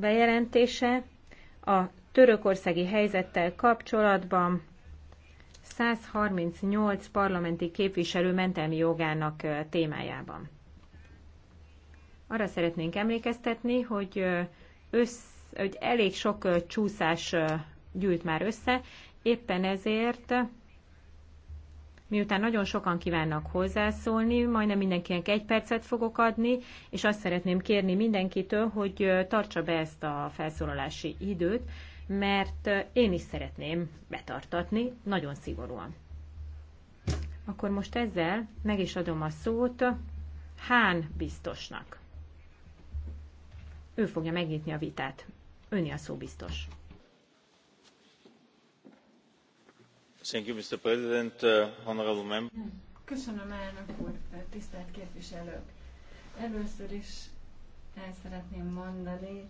bejelentése a törökországi helyzettel kapcsolatban 138 parlamenti képviselő mentelmi jogának témájában. Arra szeretnénk emlékeztetni, hogy, össz, hogy elég sok csúszás gyűlt már össze, éppen ezért miután nagyon sokan kívánnak hozzászólni, majdnem mindenkinek egy percet fogok adni, és azt szeretném kérni mindenkitől, hogy tartsa be ezt a felszólalási időt, mert én is szeretném betartatni nagyon szigorúan. Akkor most ezzel meg is adom a szót Hán biztosnak. Ő fogja megnyitni a vitát. Önni a szó biztos. Uh, Köszönöm, elnök úr, tisztelt képviselők. Először is el szeretném mondani,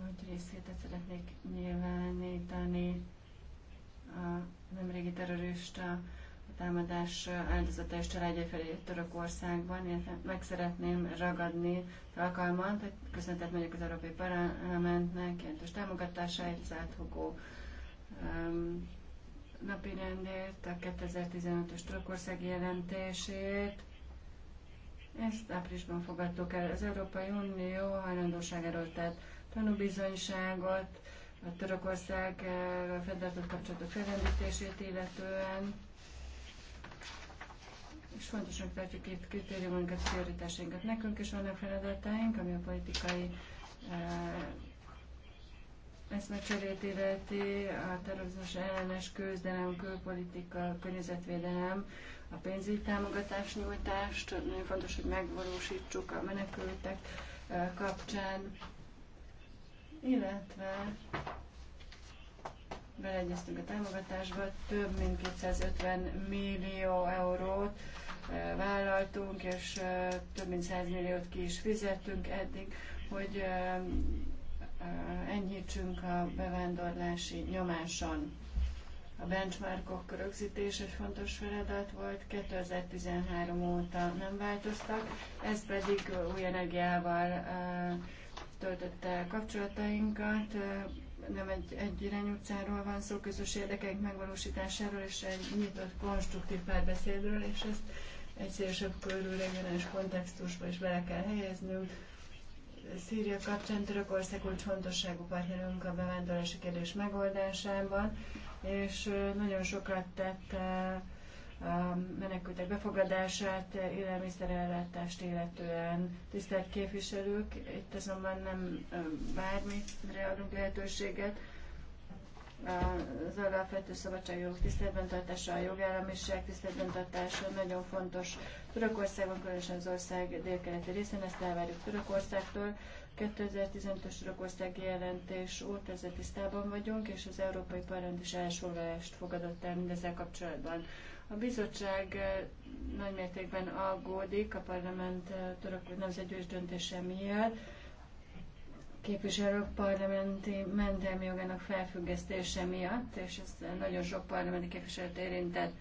hogy részvétet szeretnék nyilvánítani a nemrégi terrorista támadás áldozata és családjai felé Törökországban, illetve meg szeretném ragadni az alkalmat, hogy köszöntet megyek az Európai Parlamentnek, jelentős támogatásáért, az áthogó um, napi rendért, a 2015-ös Törökország jelentését. Ezt áprilisban fogadtuk el. Az Európai Unió hajlandóságáról tehát tanúbizonyságot, a Törökország fedeltet kapcsolatok felrendítését illetően. És fontosnak tartjuk itt kritériumunkat, prioritásainkat. Nekünk is vannak feladataink, ami a politikai eh, eszmecserét illeti a terrorizmus ellenes közdelem, külpolitika, környezetvédelem, a pénzügyi támogatás nyújtást. Nagyon fontos, hogy megvalósítsuk a menekültek kapcsán, illetve beleegyeztünk a támogatásba, több mint 250 millió eurót vállaltunk, és több mint 100 milliót ki is fizettünk eddig, hogy enyhítsünk a bevándorlási nyomáson. A benchmarkok rögzítés egy fontos feladat volt, 2013 óta nem változtak, ez pedig új energiával töltötte kapcsolatainkat, nem egy, egy irány utcáról van szó, közös érdekeink megvalósításáról és egy nyitott, konstruktív párbeszédről, és ezt egy szélesebb körül regionális kontextusba is bele kell helyeznünk Szíria kapcsán Törökország fontosságú partnerünk a bevándorlási kérdés megoldásában, és nagyon sokat tett a menekültek befogadását, élelmiszerellátást illetően tisztelt képviselők. Itt azonban nem bármire adunk lehetőséget, az alapvető szabadságjogok tiszteletben tartása, a jogállamiság tiszteletben tartása nagyon fontos Törökországban, különösen az ország délkeleti részén, ezt elvárjuk Törökországtól. 2015-ös Törökország jelentés óta ezzel tisztában vagyunk, és az Európai Parlament is elsorvást fogadott el mindezzel kapcsolatban. A bizottság eh, nagymértékben aggódik a parlament eh, török nemzetgyűlés döntése miatt, képviselők parlamenti mentelmi jogának felfüggesztése miatt, és ez nagyon sok parlamenti képviselőt érintett.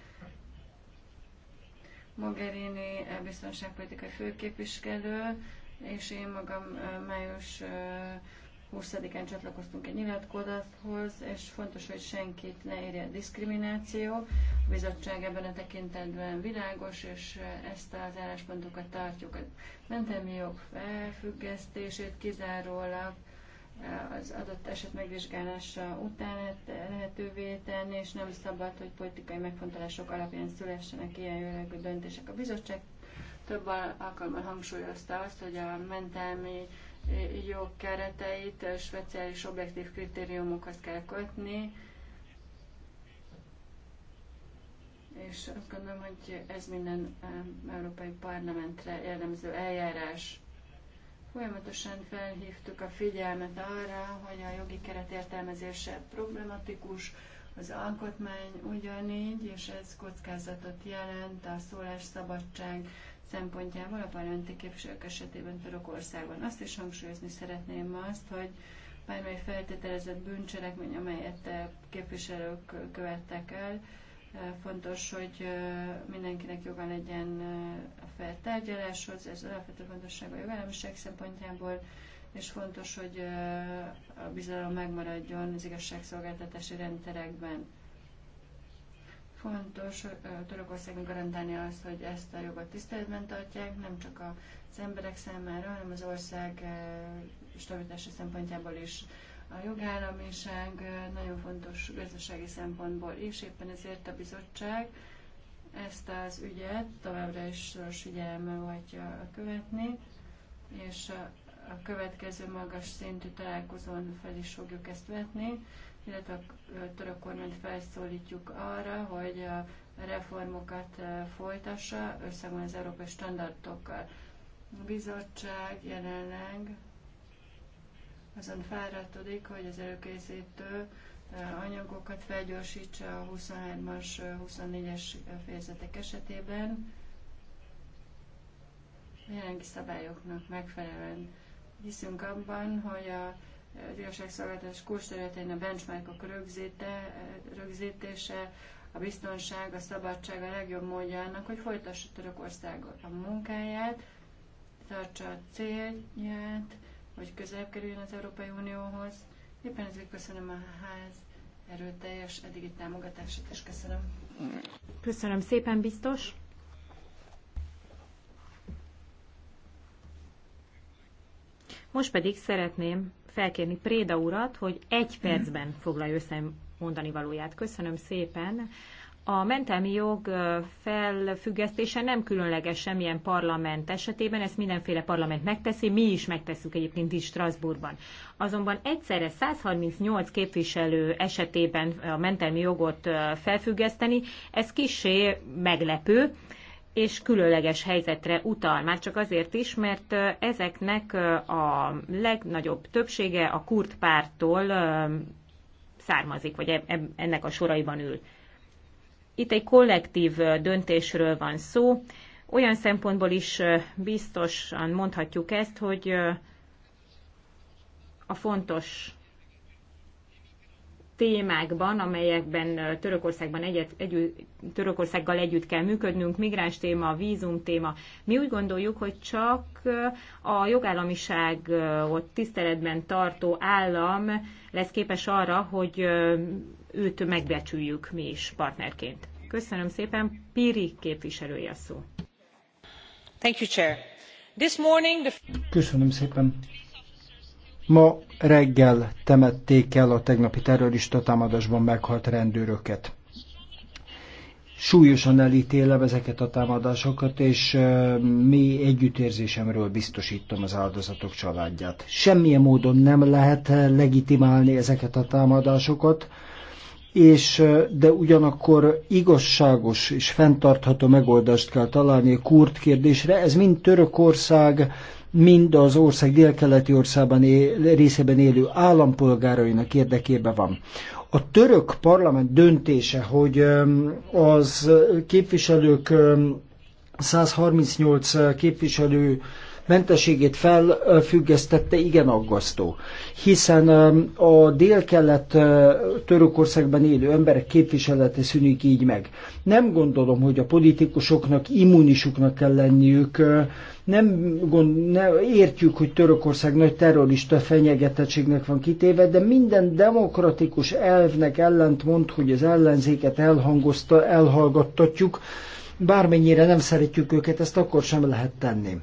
Mogherini eh, biztonságpolitikai főképviselő, és én magam eh, május eh, 20-án csatlakoztunk egy nyilatkozathoz, és fontos, hogy senkit ne érje a diszkrimináció. A bizottság ebben a tekintetben világos, és ezt az álláspontokat tartjuk. A mentelmi jog felfüggesztését kizárólag eh, az adott eset megvizsgálása után lehetővé tenni, és nem szabad, hogy politikai megfontolások alapján szülessenek ilyen jellegű döntések. A bizottság több alkalommal hangsúlyozta azt, hogy a mentelmi jogkereteit speciális objektív kritériumokat kell kötni, és azt gondolom, hogy ez minden európai parlamentre jellemző eljárás. Folyamatosan felhívtuk a figyelmet arra, hogy a jogi keret értelmezése problematikus, az alkotmány ugyanígy, és ez kockázatot jelent a szólásszabadság szempontjából a parlamenti képviselők esetében Törökországban. Azt is hangsúlyozni szeretném azt, hogy bármely feltételezett bűncselekmény, amelyet képviselők követtek el, eh, fontos, hogy eh, mindenkinek joga legyen eh, a feltárgyaláshoz, ez alapvető fontosság a jogállamiság szempontjából, és fontos, hogy a bizalom megmaradjon az igazságszolgáltatási rendszerekben. Fontos Törökországon garantálni azt, hogy ezt a jogot tiszteletben tartják, nem csak az emberek számára, hanem az ország stabilitása szempontjából is. A jogállamiság nagyon fontos gazdasági szempontból is, éppen ezért a bizottság ezt az ügyet továbbra is szoros figyelme vagyja követni, és a következő magas szintű találkozón fel is fogjuk ezt vetni, illetve a török kormányt felszólítjuk arra, hogy a reformokat folytassa összhangban az európai standardokkal. A bizottság jelenleg azon fáradtodik, hogy az előkészítő anyagokat felgyorsítsa a 23-as, 24-es fejezetek esetében a jelenlegi szabályoknak megfelelően. Hiszünk abban, hogy a az igazságszolgáltatás kulcsterületein a benchmarkok rögzíte, rögzítése, a biztonság, a szabadság a legjobb módja annak, hogy folytassa Törökország a munkáját, tartsa a célját, hogy közelebb kerüljön az Európai Unióhoz. Éppen ezért köszönöm a ház erőteljes eddigi támogatását, és köszönöm. Köszönöm szépen, biztos. Most pedig szeretném felkérni Préda urat, hogy egy percben foglalja össze mondani valóját. Köszönöm szépen. A mentelmi jog felfüggesztése nem különleges semmilyen parlament esetében, ezt mindenféle parlament megteszi, mi is megtesszük egyébként is Strasbourgban. Azonban egyszerre 138 képviselő esetében a mentelmi jogot felfüggeszteni, ez kisé meglepő, és különleges helyzetre utal, már csak azért is, mert ezeknek a legnagyobb többsége a kurt pártól származik, vagy ennek a soraiban ül. Itt egy kollektív döntésről van szó. Olyan szempontból is biztosan mondhatjuk ezt, hogy a fontos témákban, amelyekben Törökországban egyet, együtt, Törökországgal együtt kell működnünk, migráns téma, vízum téma. Mi úgy gondoljuk, hogy csak a ott tiszteletben tartó állam lesz képes arra, hogy őt megbecsüljük mi is partnerként. Köszönöm szépen, Piri képviselője a szó. Thank you, Chair. This morning the... Köszönöm szépen. Ma reggel temették el a tegnapi terrorista támadásban meghalt rendőröket. Súlyosan elítélem ezeket a támadásokat, és mi együttérzésemről biztosítom az áldozatok családját. Semmilyen módon nem lehet legitimálni ezeket a támadásokat, és de ugyanakkor igazságos és fenntartható megoldást kell találni a kurd kérdésre. Ez mind Törökország, mind az ország délkeleti országban él, részében élő állampolgárainak érdekében van. A török parlament döntése, hogy az képviselők 138 képviselő mentességét felfüggesztette, igen aggasztó. Hiszen a dél-kelet Törökországban élő emberek képviselete szűnik így meg. Nem gondolom, hogy a politikusoknak immunisuknak kell lenniük. Nem, gond, nem értjük, hogy Törökország nagy terrorista fenyegetettségnek van kitéve, de minden demokratikus elvnek mond hogy az ellenzéket elhangozta, elhallgattatjuk, bármennyire nem szeretjük őket, ezt akkor sem lehet tenni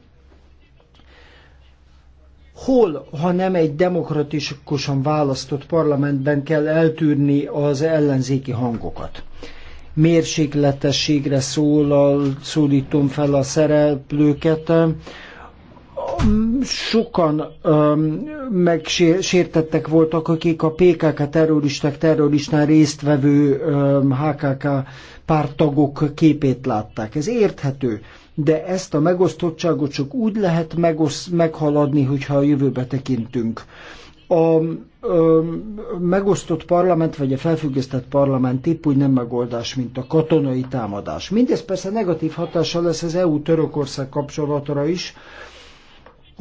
hol, ha nem egy demokratikusan választott parlamentben kell eltűrni az ellenzéki hangokat. Mérsékletességre szólal, szólítom fel a szereplőket. Sokan um, megsértettek voltak, akik a PKK terroristák terroristán résztvevő um, HKK pártagok képét látták. Ez érthető de ezt a megosztottságot csak úgy lehet megosz, meghaladni, hogyha a jövőbe tekintünk. A ö, megosztott parlament, vagy a felfüggesztett parlament épp úgy nem megoldás, mint a katonai támadás. Mindez persze negatív hatással lesz az EU-Törökország kapcsolatra is,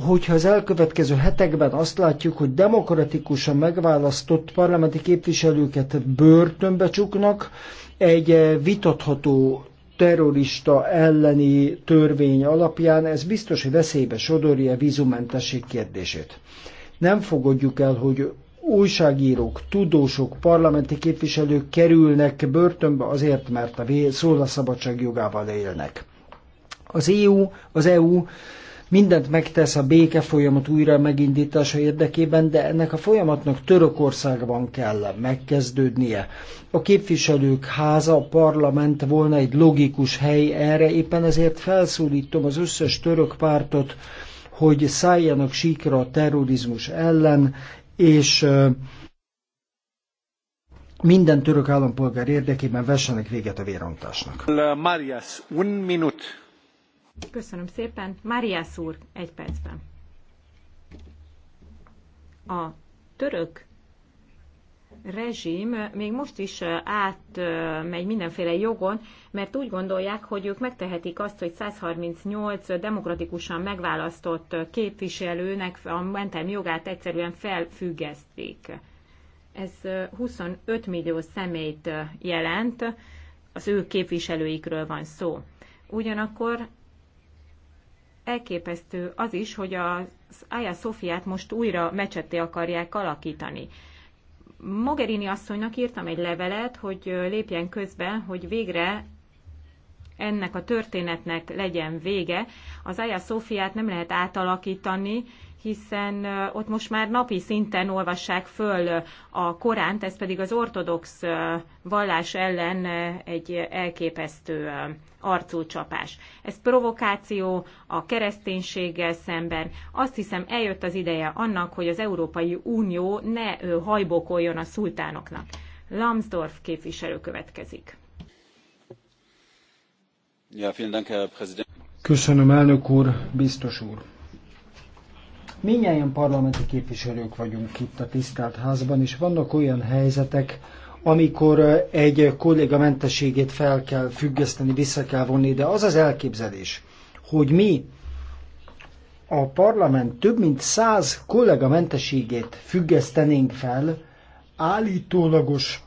hogyha az elkövetkező hetekben azt látjuk, hogy demokratikusan megválasztott parlamenti képviselőket börtönbe csuknak, egy vitatható terrorista elleni törvény alapján, ez biztos, hogy veszélybe sodorja a vízumentesség kérdését. Nem fogadjuk el, hogy újságírók, tudósok, parlamenti képviselők kerülnek börtönbe azért, mert a szólásszabadság jogával élnek. Az EU, az EU mindent megtesz a béke folyamat újra megindítása érdekében, de ennek a folyamatnak Törökországban kell megkezdődnie. A képviselők háza, a parlament volna egy logikus hely erre, éppen ezért felszólítom az összes török pártot, hogy szálljanak síkra a terrorizmus ellen, és minden török állampolgár érdekében vessenek véget a vérontásnak. Marias, un minut. Köszönöm szépen. Mária Szúr, egy percben. A török rezsim még most is átmegy mindenféle jogon, mert úgy gondolják, hogy ők megtehetik azt, hogy 138 demokratikusan megválasztott képviselőnek a mentelmi jogát egyszerűen felfüggesztik. Ez 25 millió személyt jelent, az ő képviselőikről van szó. Ugyanakkor elképesztő az is, hogy az Aya Szofiát most újra mecsetté akarják alakítani. Mogherini asszonynak írtam egy levelet, hogy lépjen közben, hogy végre ennek a történetnek legyen vége. Az Aya Szofiát nem lehet átalakítani, hiszen ott most már napi szinten olvassák föl a Koránt, ez pedig az ortodox vallás ellen egy elképesztő arcúcsapás. Ez provokáció a kereszténységgel szemben. Azt hiszem eljött az ideje annak, hogy az Európai Unió ne hajbokoljon a szultánoknak. Lambsdorff képviselő következik. Köszönöm, elnök úr, biztos úr. Minnyáján parlamenti képviselők vagyunk itt a tisztelt házban, és vannak olyan helyzetek, amikor eh, egy kolléga mentességét fel kell függeszteni, vissza kell vonni, de az az elképzelés, hogy mi a parlament több mint száz kollega mentességét függesztenénk fel, állítólagos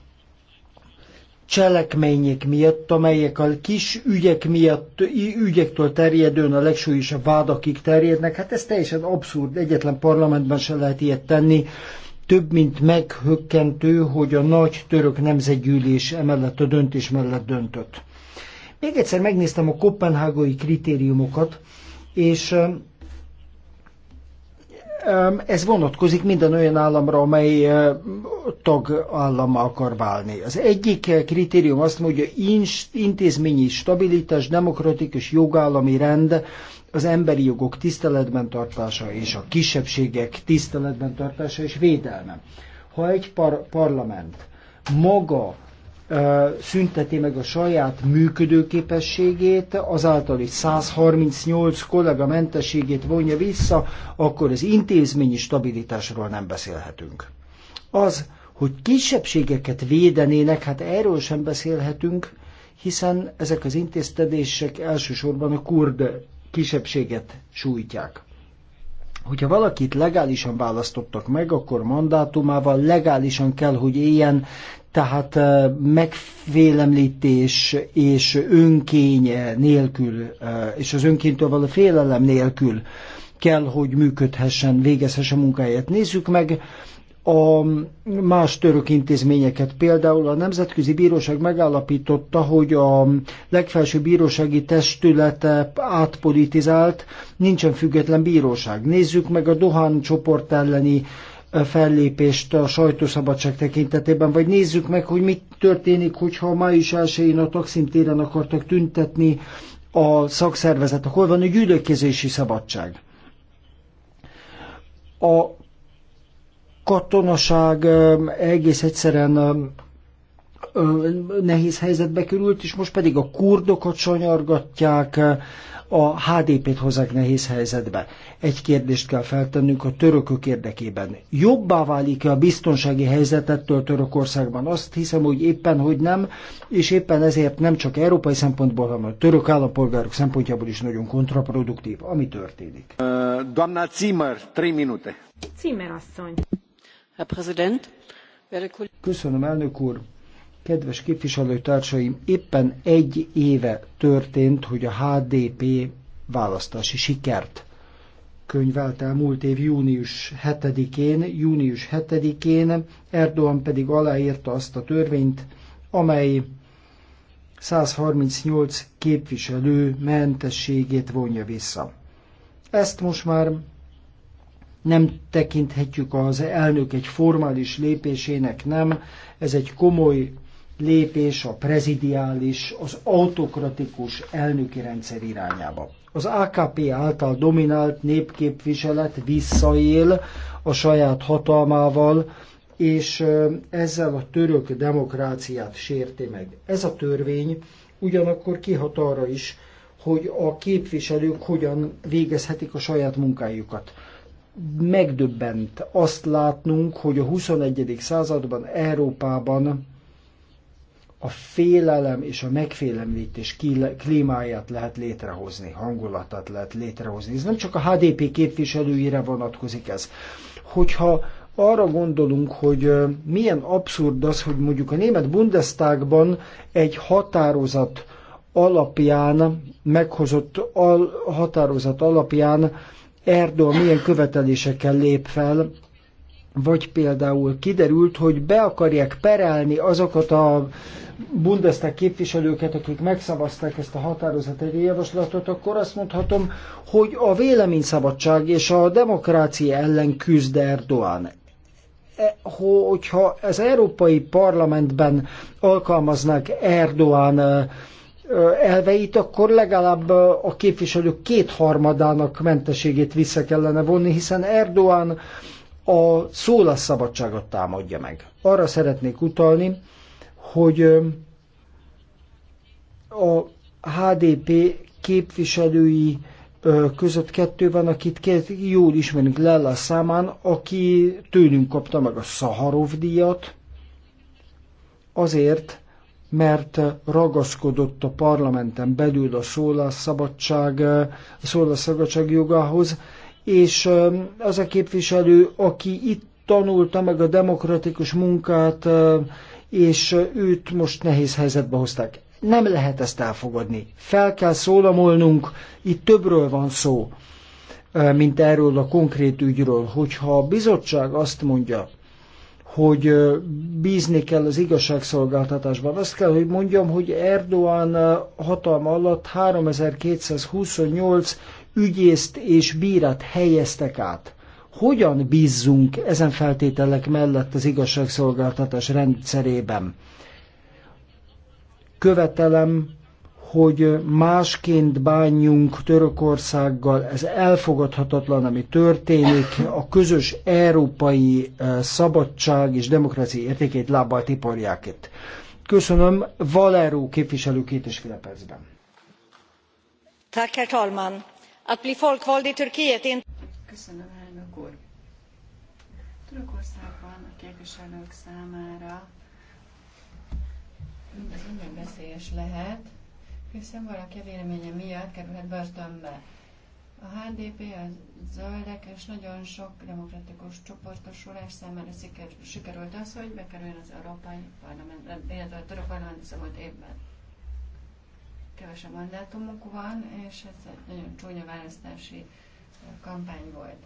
cselekmények miatt, amelyek a kis ügyek miatt, ügyektől terjedően a legsúlyosabb vádakig terjednek. Hát ez teljesen abszurd, egyetlen parlamentben se lehet ilyet tenni. Több mint meghökkentő, hogy a nagy török nemzetgyűlés emellett a döntés mellett döntött. Még egyszer megnéztem a kopenhágai kritériumokat, és ez vonatkozik minden olyan államra, amely tagállama akar válni. Az egyik kritérium azt mondja, intézményi stabilitás, demokratikus jogállami rend, az emberi jogok tiszteletben tartása és a kisebbségek tiszteletben tartása és védelme. Ha egy par- parlament maga szünteti meg a saját működőképességét, azáltal, hogy 138 kollega mentességét vonja vissza, akkor az intézményi stabilitásról nem beszélhetünk. Az, hogy kisebbségeket védenének, hát erről sem beszélhetünk, hiszen ezek az intézkedések elsősorban a kurd kisebbséget sújtják. Hogyha valakit legálisan választottak meg, akkor mandátumával legálisan kell, hogy éljen, tehát megfélemlítés és önkény nélkül, és az önkéntől való félelem nélkül kell, hogy működhessen, végezhessen munkáját. Nézzük meg a más török intézményeket. Például a Nemzetközi Bíróság megállapította, hogy a legfelső bírósági testülete átpolitizált, nincsen független bíróság. Nézzük meg a Dohán csoport elleni fellépést a sajtószabadság tekintetében, vagy nézzük meg, hogy mit történik, hogyha a május 1 a Taksim téren akartak tüntetni a szakszervezetek, hol van a gyűlökezési szabadság. A katonaság egész egyszerűen nehéz helyzetbe került, és most pedig a kurdokat sanyargatják, a HDP-t hozzák nehéz helyzetbe. Egy kérdést kell feltennünk a törökök érdekében. Jobbá válik-e a biztonsági helyzetettől Törökországban? Azt hiszem, hogy éppen, hogy nem, és éppen ezért nem csak európai szempontból, hanem a török állampolgárok szempontjából is nagyon kontraproduktív, ami történik. Doamna Zimmer, 3 minute. Zimmer asszony. Herr Präsident, Köszönöm, elnök úr. Kedves képviselőtársaim, éppen egy éve történt, hogy a HDP választási sikert könyvelt el múlt év június 7-én. Június 7-én Erdogan pedig aláírta azt a törvényt, amely 138 képviselő mentességét vonja vissza. Ezt most már nem tekinthetjük az elnök egy formális lépésének, nem. Ez egy komoly lépés a prezidiális, az autokratikus elnöki rendszer irányába. Az AKP által dominált népképviselet visszaél a saját hatalmával, és ezzel a török demokráciát sérti meg. Ez a törvény ugyanakkor kihat arra is, hogy a képviselők hogyan végezhetik a saját munkájukat. Megdöbbent azt látnunk, hogy a 21. században Európában a félelem és a megfélemlítés klímáját lehet létrehozni, hangulatát lehet létrehozni. Ez nem csak a HDP képviselőire vonatkozik ez. Hogyha arra gondolunk, hogy milyen abszurd az, hogy mondjuk a német Bundestagban egy határozat alapján, meghozott al- határozat alapján Erdő milyen követelésekkel lép fel, vagy például kiderült, hogy be akarják perelni azokat a Bundestag képviselőket, akik megszavazták ezt a határozati javaslatot, akkor azt mondhatom, hogy a véleményszabadság és a demokrácia ellen küzd Erdoğan e, hogyha az Európai Parlamentben alkalmaznák Erdoğan e, elveit, akkor legalább a képviselők kétharmadának mentességét vissza kellene vonni, hiszen Erdoğan a szabadságot támadja meg. Arra szeretnék utalni, hogy a HDP képviselői között kettő van, akit jól ismerünk Lella számán, aki tőlünk kapta meg a Szaharov díjat, azért, mert ragaszkodott a parlamenten belül a szólásszabadság, a szólásszabadság jogához, és az a képviselő, aki itt tanulta meg a demokratikus munkát, és őt most nehéz helyzetbe hozták. Nem lehet ezt elfogadni. Fel kell szólamolnunk, itt többről van szó, mint erről a konkrét ügyről. Hogyha a bizottság azt mondja, hogy bízni kell az igazságszolgáltatásban. Azt kell, hogy mondjam, hogy Erdoğan hatalma alatt 3228 ügyészt és bírát helyeztek át. Hogyan bízzunk ezen feltételek mellett az igazságszolgáltatás rendszerében? Követelem, hogy másként bánjunk Törökországgal, ez elfogadhatatlan, ami történik, a közös európai eh, szabadság és demokrácia értékét lábbal tiporják itt. Köszönöm, Valeró képviselő két és fél percben. Tack, herr talman att bli folkvald i Turkiet är inte... Köszönöm, elnök úr. Törökországban a képviselők számára mindez nagyon veszélyes lehet, hiszen valaki a véleménye miatt kerülhet börtönbe. A HDP, a zöldek és nagyon sok demokratikus csoportosulás számára sikerült az, hogy bekerüljön az Európai Parlament, illetve a Török Parlament az elmúlt évben kevesebb mandátumuk van, és ez egy nagyon csúnya választási eh, kampány volt.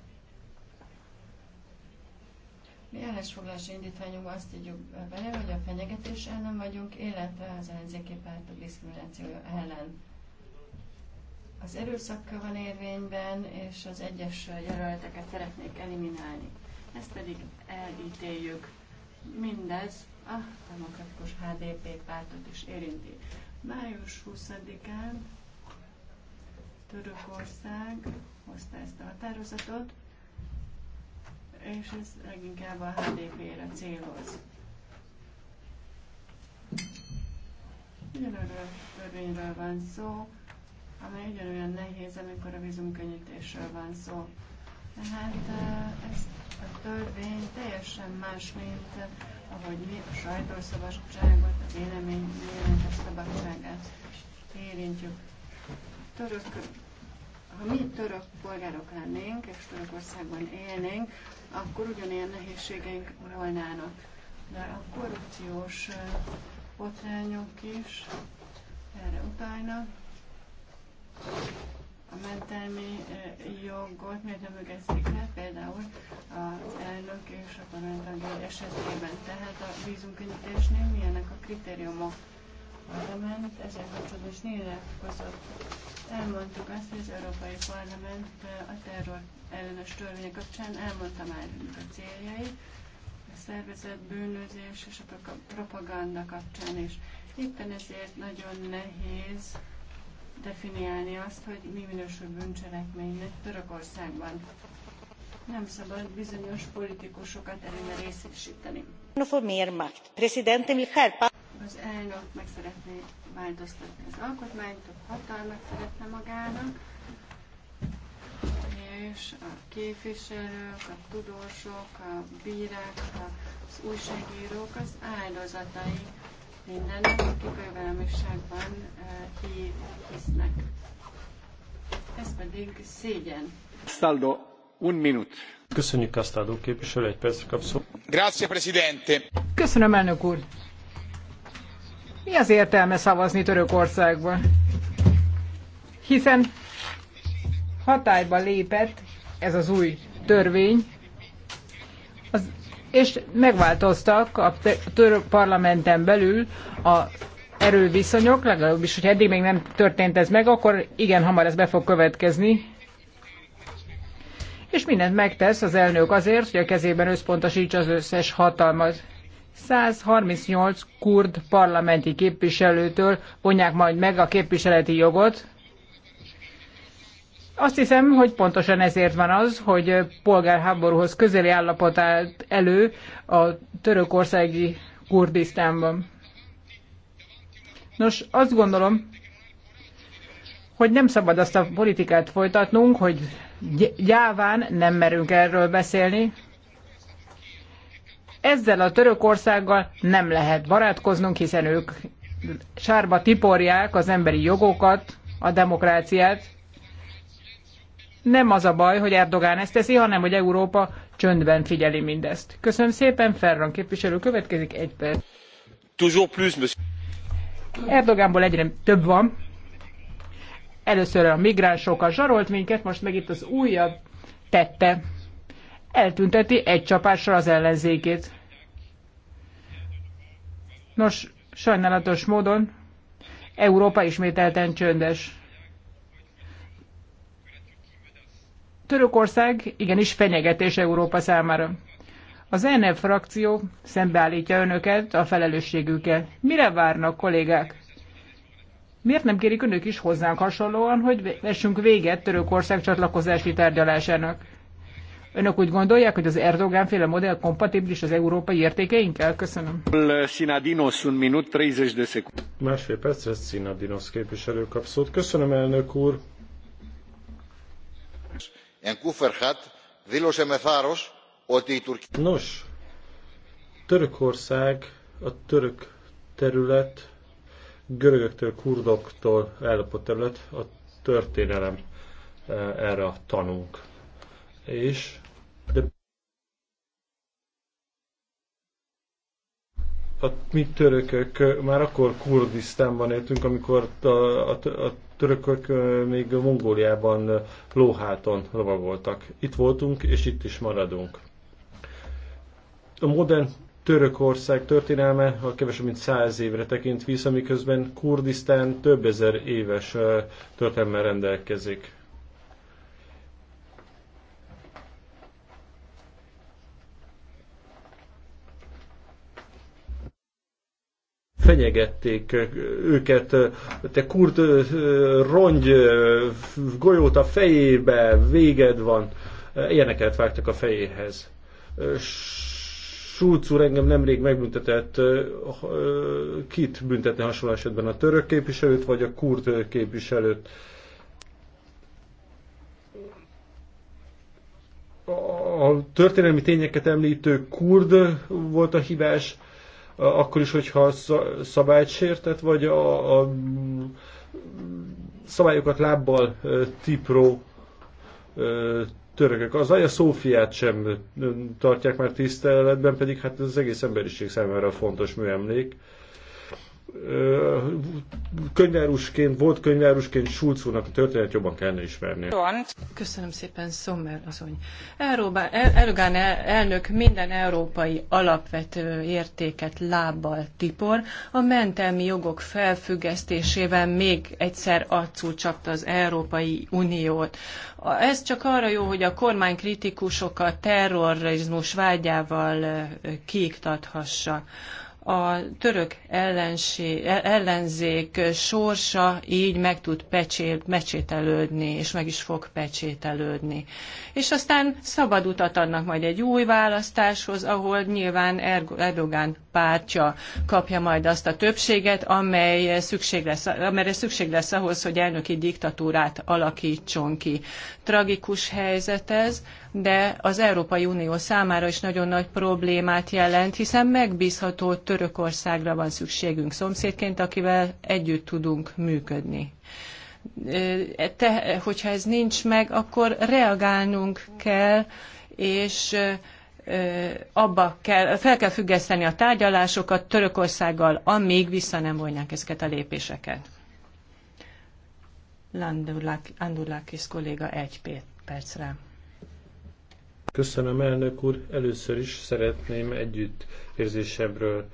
Mi állásfoglalási indítványunk azt írjuk eh, bele, hogy a fenyegetés ellen vagyunk, illetve az ellenzéki a diszkrimináció ellen. Az erőszak van érvényben, és az egyes jelölteket szeretnék eliminálni. Ezt pedig elítéljük. Mindez a demokratikus HDP pártot is érinti. Május 20-án Törökország hozta ezt a határozatot, és ez leginkább a HDP-re céloz. Ugyanarról törvényről van szó, amely ugyanolyan nehéz, amikor a vízumkönnyítésről van szó. Tehát eh, ez a törvény teljesen más, mint ahogy mi a sajtószabadságot, a vélemény, vélemények szabadságát érintjük. Török, ha mi török polgárok lennénk, és Törökországban élnénk, akkor ugyanilyen nehézségeink volnának. De a korrupciós botrányok is erre utalnak a mentelmi jogot miért nem ügezték le, például az elnök és a parlamentagjai esetében. Tehát a vízunkönyítésnél milyenek a kritériumok? Parlament ezzel kapcsolatban is nyilatkozott. Elmondtuk azt, hogy az Európai Parlament a terror ellenes törvények kapcsán elmondta már a céljai, a szervezet bűnözés és a propaganda kapcsán is. Éppen ezért nagyon nehéz definiálni azt, hogy mi minősül bűncselekménynek Törökországban. Nem szabad bizonyos politikusokat erre részesíteni. Az elnök meg szeretné változtatni az alkotmányt, több hatalmat szeretne magának, és a képviselők, a tudósok, a bírák, az újságírók az áldozatai minden akik a jogállamiságban eh, hisznek. Ez pedig szégyen. Castaldo, un minut. Köszönjük Castaldo képviselő, egy percre kapszó. Grazie, Presidente. Köszönöm, elnök úr. Mi az értelme szavazni Törökországban? Hiszen hatályba lépett ez az új törvény, az és megváltoztak a török parlamenten belül a erőviszonyok, legalábbis, hogy eddig még nem történt ez meg, akkor igen hamar ez be fog következni. És mindent megtesz az elnök azért, hogy a kezében összpontosítsa az összes hatalmat. 138 kurd parlamenti képviselőtől vonják majd meg a képviseleti jogot, azt hiszem, hogy pontosan ezért van az, hogy polgárháborúhoz közeli állapot állt elő a törökországi Kurdisztánban. Nos, azt gondolom, hogy nem szabad azt a politikát folytatnunk, hogy gyáván nem merünk erről beszélni. Ezzel a Törökországgal nem lehet barátkoznunk, hiszen ők sárba tiporják az emberi jogokat, a demokráciát, nem az a baj, hogy Erdogán ezt teszi, hanem hogy Európa csöndben figyeli mindezt. Köszönöm szépen, Ferran képviselő, következik egy perc. Toujours plus, monsieur. Erdogánból egyre több van. Először a migránsokkal zsarolt minket, most meg itt az újabb tette. Eltünteti egy csapásra az ellenzékét. Nos, sajnálatos módon Európa ismételten csöndes. Törökország igenis fenyegetés Európa számára. Az NF frakció szembeállítja önöket a felelősségükkel. Mire várnak, kollégák? Miért nem kérik önök is hozzánk hasonlóan, hogy vessünk véget Törökország csatlakozási tárgyalásának? Önök úgy gondolják, hogy az Erdogán féle modell kompatibilis az európai értékeinkkel? Köszönöm. Sinadinos, un minut, 30 de Másfél percre Sinadinos képviselő kap szót. Köszönöm, elnök úr. Nos, Törökország a török terület görögöktől, kurdoktól ellopott terület, a történelem e, erre a tanunk. És de a mi törökök már akkor Kurdisztánban éltünk, amikor a, a, a törökök még Mongóliában lóháton lovagoltak. Itt voltunk, és itt is maradunk. A modern Törökország történelme, a kevesebb mint száz évre tekint vissza, miközben Kurdisztán több ezer éves történelmel rendelkezik. fenyegették őket, te kurt rongy golyót a fejébe, véged van, ilyeneket vágtak a fejéhez. Schulz úr engem nemrég megbüntetett, kit büntetne hasonló esetben, a török képviselőt vagy a kurt képviselőt? A történelmi tényeket említő kurd volt a hibás, akkor is, hogyha szabályt sértett, vagy a, a szabályokat lábbal tipró törökök. Az Aja Szófiát sem tartják már tiszteletben, pedig hát ez az egész emberiség számára fontos műemlék könyvárusként, volt könyvárusként Schulz úrnak a történet jobban kellene ismerni. Köszönöm szépen, Sommer asszony. Erdogan elnök minden európai alapvető értéket lábbal tipor, a mentelmi jogok felfüggesztésével még egyszer arcul csapta az Európai Uniót. Ez csak arra jó, hogy a kormány kritikusokat terrorizmus vágyával kiiktathassa a török ellenség, ellenzék sorsa így meg tud pecsé, pecsételődni, és meg is fog pecsételődni. És aztán szabad utat adnak majd egy új választáshoz, ahol nyilván Erdogan pártja kapja majd azt a többséget, amely szükség lesz, amelyre szükség lesz ahhoz, hogy elnöki diktatúrát alakítson ki. Tragikus helyzet ez de az Európai Unió számára is nagyon nagy problémát jelent, hiszen megbízható Törökországra van szükségünk szomszédként, akivel együtt tudunk működni. Te, hogyha ez nincs meg, akkor reagálnunk kell, és abba kell, fel kell függeszteni a tárgyalásokat Törökországgal, amíg vissza nem vonják ezeket a lépéseket. Landulakis kolléga egy percre. Köszönöm, elnök úr. Először is szeretném együtt érzésebről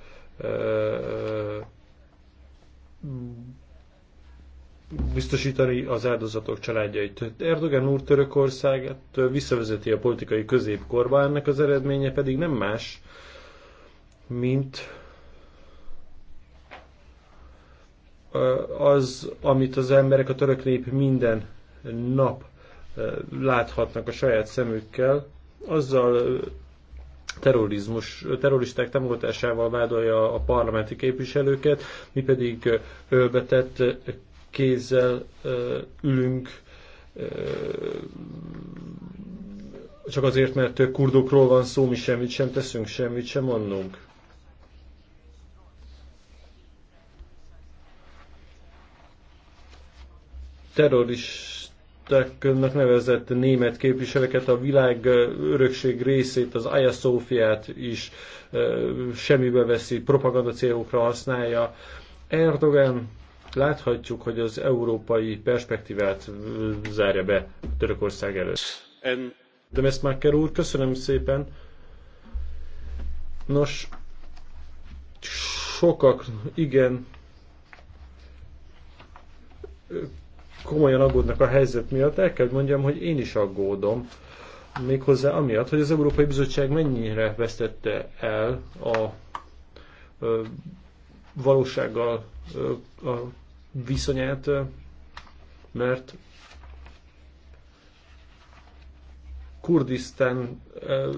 biztosítani az áldozatok családjait. Erdogan úr Törökországot visszavezeti a politikai középkorba, ennek az eredménye pedig nem más, mint az, amit az emberek, a török nép minden nap láthatnak a saját szemükkel, azzal terrorizmus, terroristák támogatásával vádolja a parlamenti képviselőket, mi pedig ölbetett kézzel ülünk csak azért, mert kurdokról van szó, mi semmit sem teszünk, semmit sem mondunk. Terrorist szocialistáknak nevezett német képviseleket, a világ örökség részét, az Aya Szófiát is semmibe veszi, propaganda célokra használja. Erdogan láthatjuk, hogy az európai perspektívát zárja be Törökország előtt. De Meszmáker úr, köszönöm szépen. Nos, sokak, igen, komolyan aggódnak a helyzet miatt, el kell mondjam, hogy én is aggódom. Méghozzá amiatt, hogy az Európai Bizottság mennyire vesztette el a ö, valósággal ö, a viszonyát, ö, mert Kurdisztán, ö,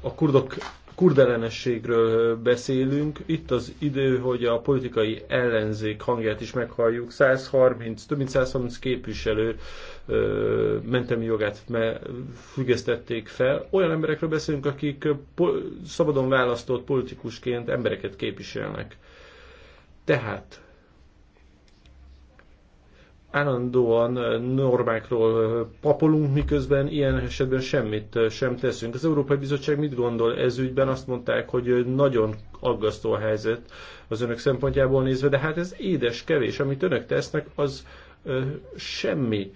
a kurdok kurdelenességről beszélünk. Itt az idő, hogy a politikai ellenzék hangját is meghalljuk. 130, több mint 130 képviselő ö, mentemi jogát me, függesztették fel. Olyan emberekről beszélünk, akik szabadon választott politikusként embereket képviselnek. Tehát állandóan normákról papolunk, miközben ilyen esetben semmit sem teszünk. Az Európai Bizottság mit gondol ez ügyben? Azt mondták, hogy nagyon aggasztó a helyzet az önök szempontjából nézve, de hát ez édes kevés. Amit önök tesznek, az semmi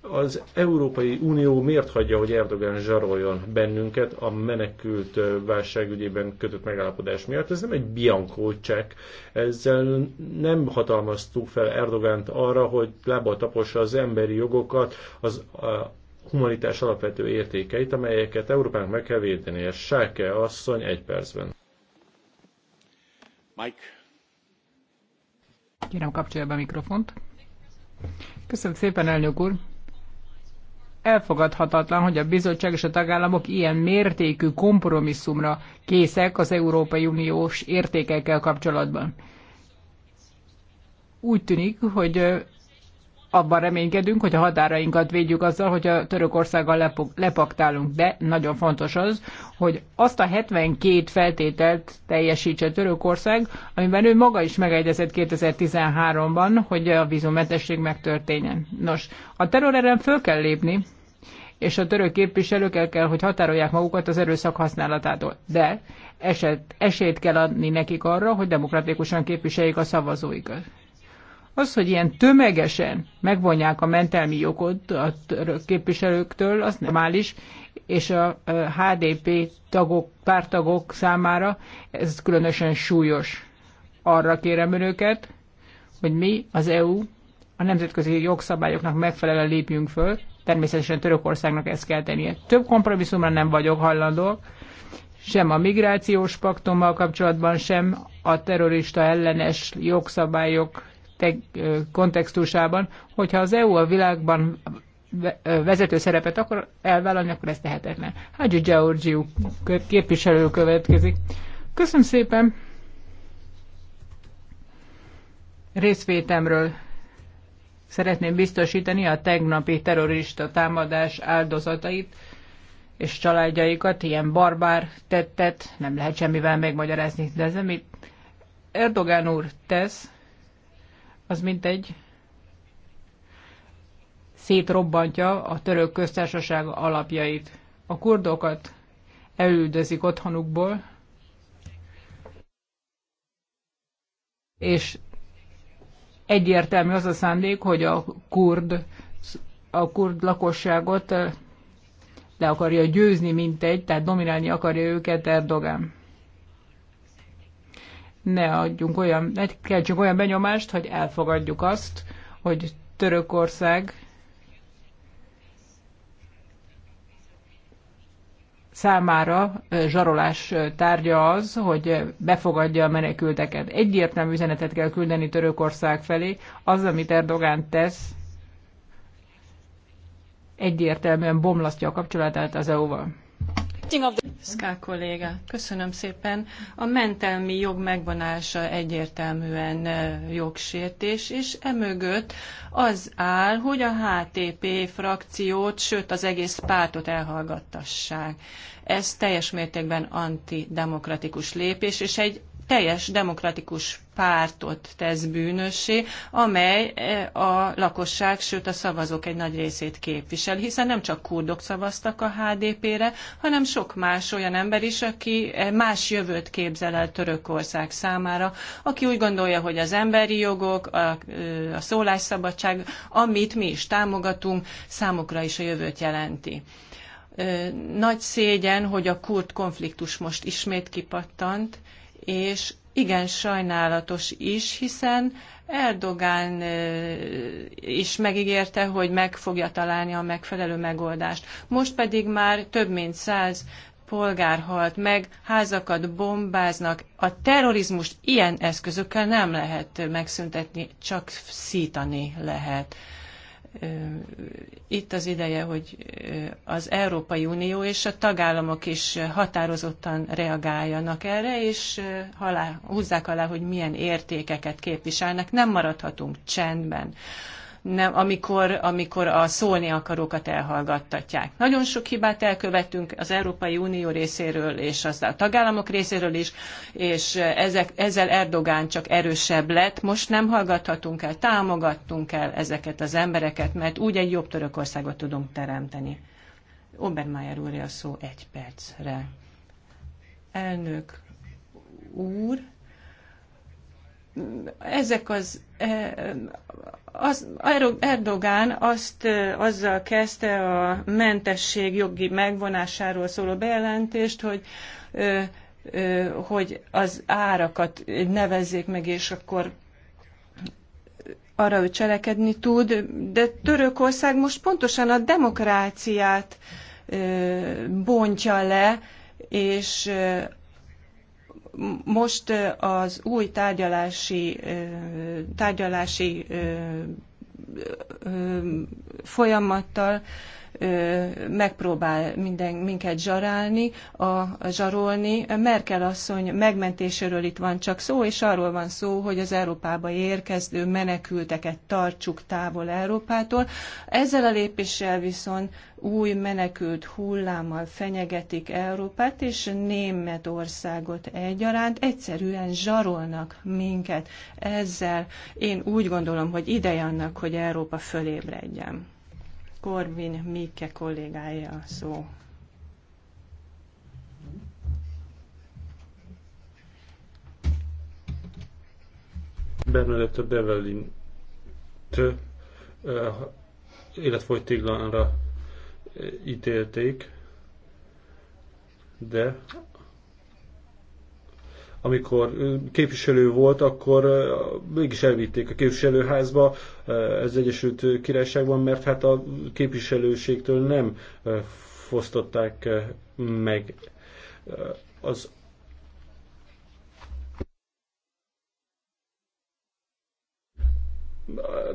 az Európai Unió miért hagyja, hogy Erdogan zsaroljon bennünket a menekült válság ügyében kötött megállapodás miatt? Ez nem egy bianco check. Ezzel nem hatalmaztuk fel Erdogánt arra, hogy lábbal tapossa az emberi jogokat, az a humanitás alapvető értékeit, amelyeket Európának meg kell védeni Ez Sáke asszony egy percben. Mike. Kérem, kapcsolja be a mikrofont. Köszönöm szépen, elnök úr! Elfogadhatatlan, hogy a bizottság és a tagállamok ilyen mértékű kompromisszumra készek az Európai Uniós értékekkel kapcsolatban. Úgy tűnik, hogy abban reménykedünk, hogy a határainkat védjük azzal, hogy a Törökországgal lepaktálunk, de nagyon fontos az, hogy azt a 72 feltételt teljesítse Törökország, amiben ő maga is megegyezett 2013-ban, hogy a vízummentesség megtörténjen. Nos, a terror föl kell lépni, és a török képviselők el kell, hogy határolják magukat az erőszak használatától. De eset, esélyt kell adni nekik arra, hogy demokratikusan képviseljék a szavazóikat. Az, hogy ilyen tömegesen megvonják a mentelmi jogot a képviselőktől, az normális, és a HDP tagok, pártagok számára ez különösen súlyos. Arra kérem önöket, hogy mi, az EU, a nemzetközi jogszabályoknak megfelelően lépjünk föl, természetesen Törökországnak ezt kell tennie. Több kompromisszumra nem vagyok hajlandó, sem a migrációs paktummal kapcsolatban, sem a terrorista ellenes jogszabályok teg, kontextusában, hogyha az EU a világban vezető szerepet akar elvállalni, akkor ez tehetetlen. Hágyi Georgiou képviselő következik. Köszönöm szépen részvétemről szeretném biztosítani a tegnapi terrorista támadás áldozatait és családjaikat, ilyen barbár tettet nem lehet semmivel megmagyarázni, de ez amit Erdogán úr tesz, az mint egy szétrobbantja a török köztársaság alapjait. A kurdokat elüldözik otthonukból, és egyértelmű az a szándék, hogy a kurd, a kurd lakosságot eh, le akarja győzni, mint egy, tehát dominálni akarja őket Erdogán ne adjunk olyan, ne keltsünk olyan benyomást, hogy elfogadjuk azt, hogy Törökország számára zsarolás tárgya az, hogy befogadja a menekülteket. Egyértelmű üzenetet kell küldeni Törökország felé. Az, amit Erdogán tesz, egyértelműen bomlasztja a kapcsolatát az EU-val. Ská kolléga, köszönöm szépen. A mentelmi jog megvonása egyértelműen jogsértés, és emögött az áll, hogy a HTP frakciót, sőt az egész pártot elhallgattassák. Ez teljes mértékben antidemokratikus lépés, és egy teljes demokratikus pártot tesz bűnössé, amely e, a lakosság, sőt a szavazók egy nagy részét képvisel, hiszen nem csak kurdok szavaztak a HDP-re, hanem sok más olyan ember is, aki e, más jövőt képzel el Törökország számára, aki úgy gondolja, hogy az emberi jogok, a, e, a szólásszabadság, amit mi is támogatunk, számukra is a jövőt jelenti nagy szégyen, hogy a kurd konfliktus most ismét kipattant, és igen sajnálatos is, hiszen Erdogán is megígérte, hogy meg fogja találni a megfelelő megoldást. Most pedig már több mint száz polgár halt meg, házakat bombáznak. A terrorizmust ilyen eszközökkel nem lehet megszüntetni, csak szítani lehet itt az ideje, hogy az Európai Unió és a tagállamok is határozottan reagáljanak erre, és halá, húzzák alá, hogy milyen értékeket képviselnek. Nem maradhatunk csendben nem, amikor, amikor a szólni akarókat elhallgattatják. Nagyon sok hibát elkövetünk az Európai Unió részéről, és aztán a tagállamok részéről is, és ezek, ezzel Erdogán csak erősebb lett. Most nem hallgathatunk el, támogattunk el ezeket az embereket, mert úgy egy jobb Törökországot tudunk teremteni. Obermeyer úr a szó egy percre. Elnök úr, ezek az, e, az Erdogán azt e, azzal kezdte a mentesség jogi megvonásáról szóló bejelentést, hogy e, hogy az árakat nevezzék meg, és akkor arra ő cselekedni tud, de Törökország most pontosan a demokráciát bontja le, és most az új tárgyalási, tárgyalási folyamattal megpróbál minden, minket zsarálni, a, zsarolni. Merkel asszony megmentéséről itt van csak szó, és arról van szó, hogy az Európába érkező menekülteket tartsuk távol Európától. Ezzel a lépéssel viszont új menekült hullámmal fenyegetik Európát, és Németországot egyaránt egyszerűen zsarolnak minket. Ezzel én úgy gondolom, hogy ideje annak, hogy Európa fölébredjen. Korvin Mikke kollégája a szó. Bernadette tő életfogytiglanra ítélték, de amikor képviselő volt, akkor mégis elvitték a képviselőházba az Egyesült Királyságban, mert hát a képviselőségtől nem fosztották meg. Az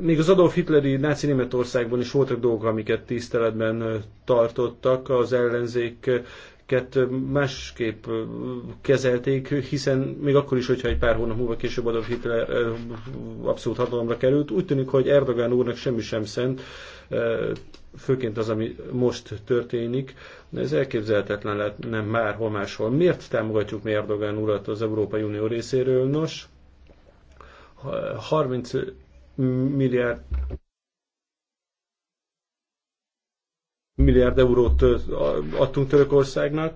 még az Adolf Hitleri náci Németországban is voltak dolgok, amiket tiszteletben tartottak, az ellenzék másképp kezelték, hiszen még akkor is, hogyha egy pár hónap múlva később Adolf Hitler abszolút hatalomra került, úgy tűnik, hogy Erdogan úrnak semmi sem szent, főként az, ami most történik, ez elképzelhetetlen lett, nem már hol máshol. Miért támogatjuk mi Erdogan urat az Európai Unió részéről? Nos, 30 milliárd milliárd eurót adtunk Törökországnak,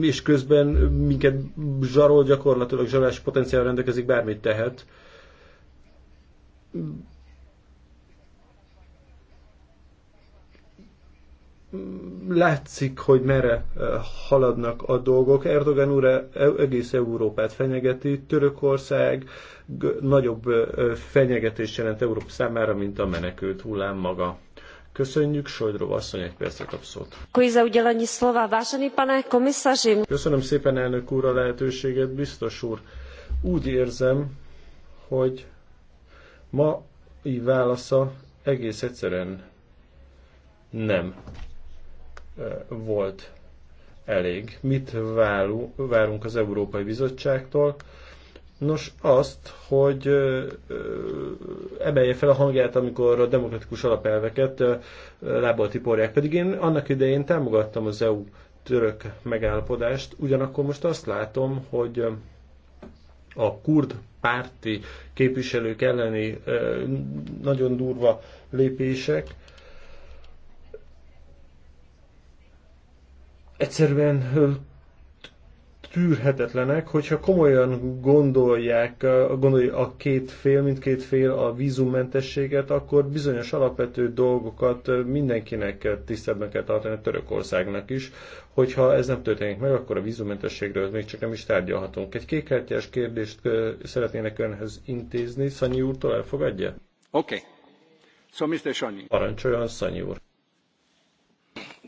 és közben minket zsarol gyakorlatilag, zsarolási potenciál rendelkezik, bármit tehet látszik, hogy merre eh, haladnak a dolgok. Erdogan úr eh, e-, egész Európát fenyegeti, Törökország nagyobb eh, fenyegetés jelent Európa számára, mint a menekült hullám maga. Köszönjük, Sojdrov asszony egy percre kap szót. Köszönöm szépen, elnök úr, a lehetőséget, biztos úr. Úgy érzem, hogy ma így válasza egész egyszerűen nem volt elég. Mit várunk az Európai Bizottságtól? Nos, azt, hogy emelje fel a hangját, amikor a demokratikus alapelveket lából tiporják. Pedig én annak idején támogattam az EU török megállapodást, ugyanakkor most azt látom, hogy a kurd párti képviselők elleni nagyon durva lépések egyszerűen tűrhetetlenek, hogyha komolyan gondolják, gondolja a két fél, mindkét fél a vízummentességet, akkor bizonyos alapvető dolgokat mindenkinek tisztebbnek kell tartani, a Törökországnak is. Hogyha ez nem történik meg, akkor a vízummentességről még csak nem is tárgyalhatunk. Egy kékkártyás kérdést szeretnének önhez intézni, Szanyi úrtól elfogadja? Oké. Okay. So, Mr. Sanyi. Parancsoljon, Szanyi úr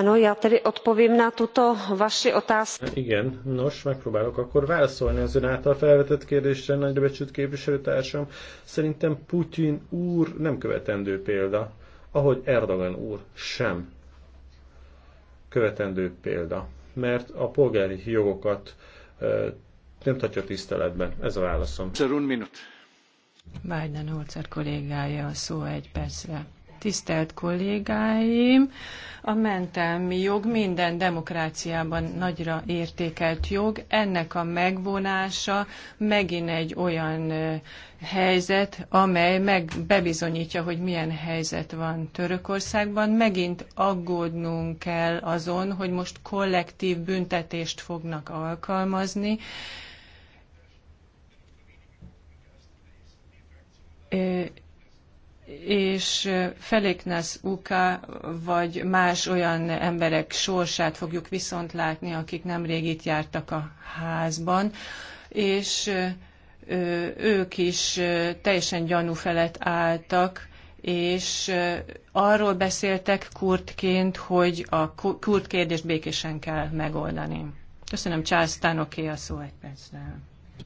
Ano, já tedy odpovím na tuto vaši otázku. Igen, nos, megpróbálok akkor válaszolni az ön által felvetett kérdésre, nagybecsült képviselőtársam. Szerintem Putyin úr nem követendő példa, ahogy Erdogan úr sem követendő példa, mert a polgári jogokat nem tartja tiszteletben. Ez a válaszom. Biden úr, kollégája a szó egy percre. Tisztelt kollégáim, a mentelmi jog minden demokráciában nagyra értékelt jog. Ennek a megvonása megint egy olyan helyzet, amely meg bebizonyítja, hogy milyen helyzet van Törökországban. Megint aggódnunk kell azon, hogy most kollektív büntetést fognak alkalmazni. Ö, és Feléknász Uka vagy más olyan emberek sorsát fogjuk viszont látni, akik nemrég itt jártak a házban, és ők is teljesen gyanú felett álltak, és arról beszéltek kurtként, hogy a kurt kérdést békésen kell megoldani. Köszönöm, Charles Tanoké a szó egy percre.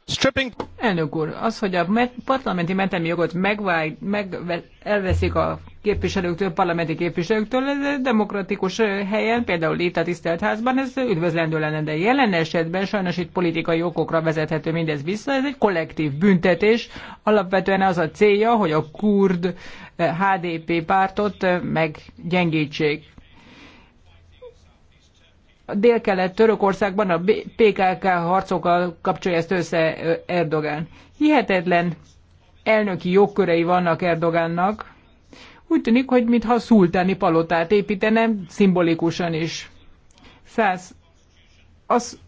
Stripping... Elnök úr, az, hogy a parlamenti mentelmi jogot megvág, meg elveszik a képviselőktől, parlamenti képviselőktől, ez demokratikus helyen, például itt a tisztelt házban, ez üdvözlendő lenne, de jelen esetben sajnos itt politikai okokra vezethető mindez vissza, ez egy kollektív büntetés, alapvetően az a célja, hogy a kurd HDP pártot meggyengítsék a délkelet Törökországban a PKK harcokkal kapcsolja ezt össze Erdogán. Hihetetlen elnöki jogkörei vannak Erdogánnak. Úgy tűnik, hogy mintha szultáni palotát építene, szimbolikusan is. Száz. Az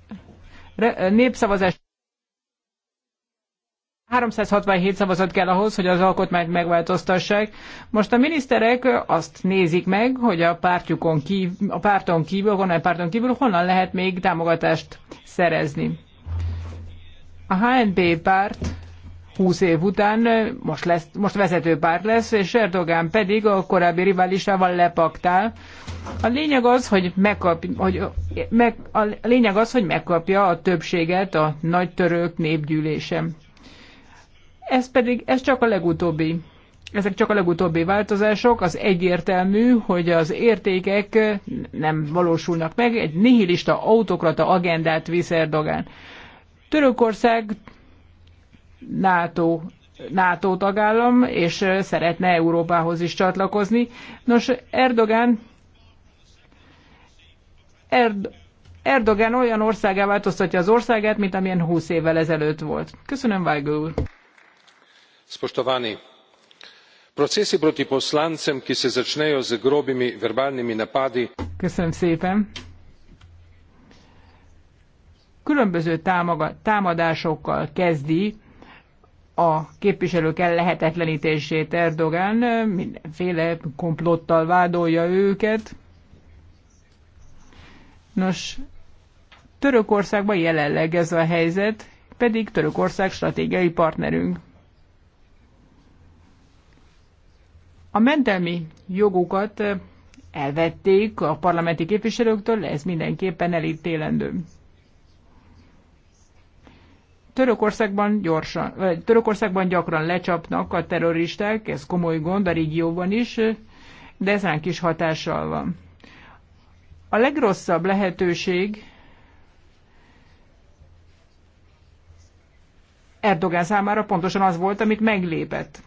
re, népszavazás 367 szavazat kell ahhoz, hogy az alkotmányt megváltoztassák. Most a miniszterek azt nézik meg, hogy a, pártjukon kív, a párton kívül, a honnan párton kívül honnan lehet még támogatást szerezni. A HNP párt 20 év után most, lesz, most vezető párt lesz, és Erdogán pedig a korábbi riválisával lepaktál. A lényeg az, hogy, megkap, hogy meg, a lényeg az, hogy megkapja a többséget a nagy török népgyűlésem. Ez pedig, ez csak a legutóbbi. Ezek csak a legutóbbi változások, az egyértelmű, hogy az értékek nem valósulnak meg, egy nihilista, autokrata agendát visz Erdogan Törökország NATO NATO tagállam, és szeretne Európához is csatlakozni. Nos, Erdogan, Erd, Erdogan olyan országá változtatja az országát, mint amilyen 20 évvel ezelőtt volt. Köszönöm, Weigl úr! spoštovani procesi proti poslancem ki se začnejo z grobimi verbalnimi napadi különböző támadásokkal kezdi a képviselők ellehetetlenítését Erdogan, mindenféle komplottal vádolja őket. Nos, Törökországban jelenleg ez a helyzet, pedig Törökország stratégiai partnerünk. A mentelmi jogokat elvették a parlamenti képviselőktől, ez mindenképpen elítélendő. Törökországban, gyorsan, vagy Törökországban gyakran lecsapnak a terroristák, ez komoly gond a régióban is, de ez ránk is hatással van. A legrosszabb lehetőség Erdogan számára pontosan az volt, amit meglépett.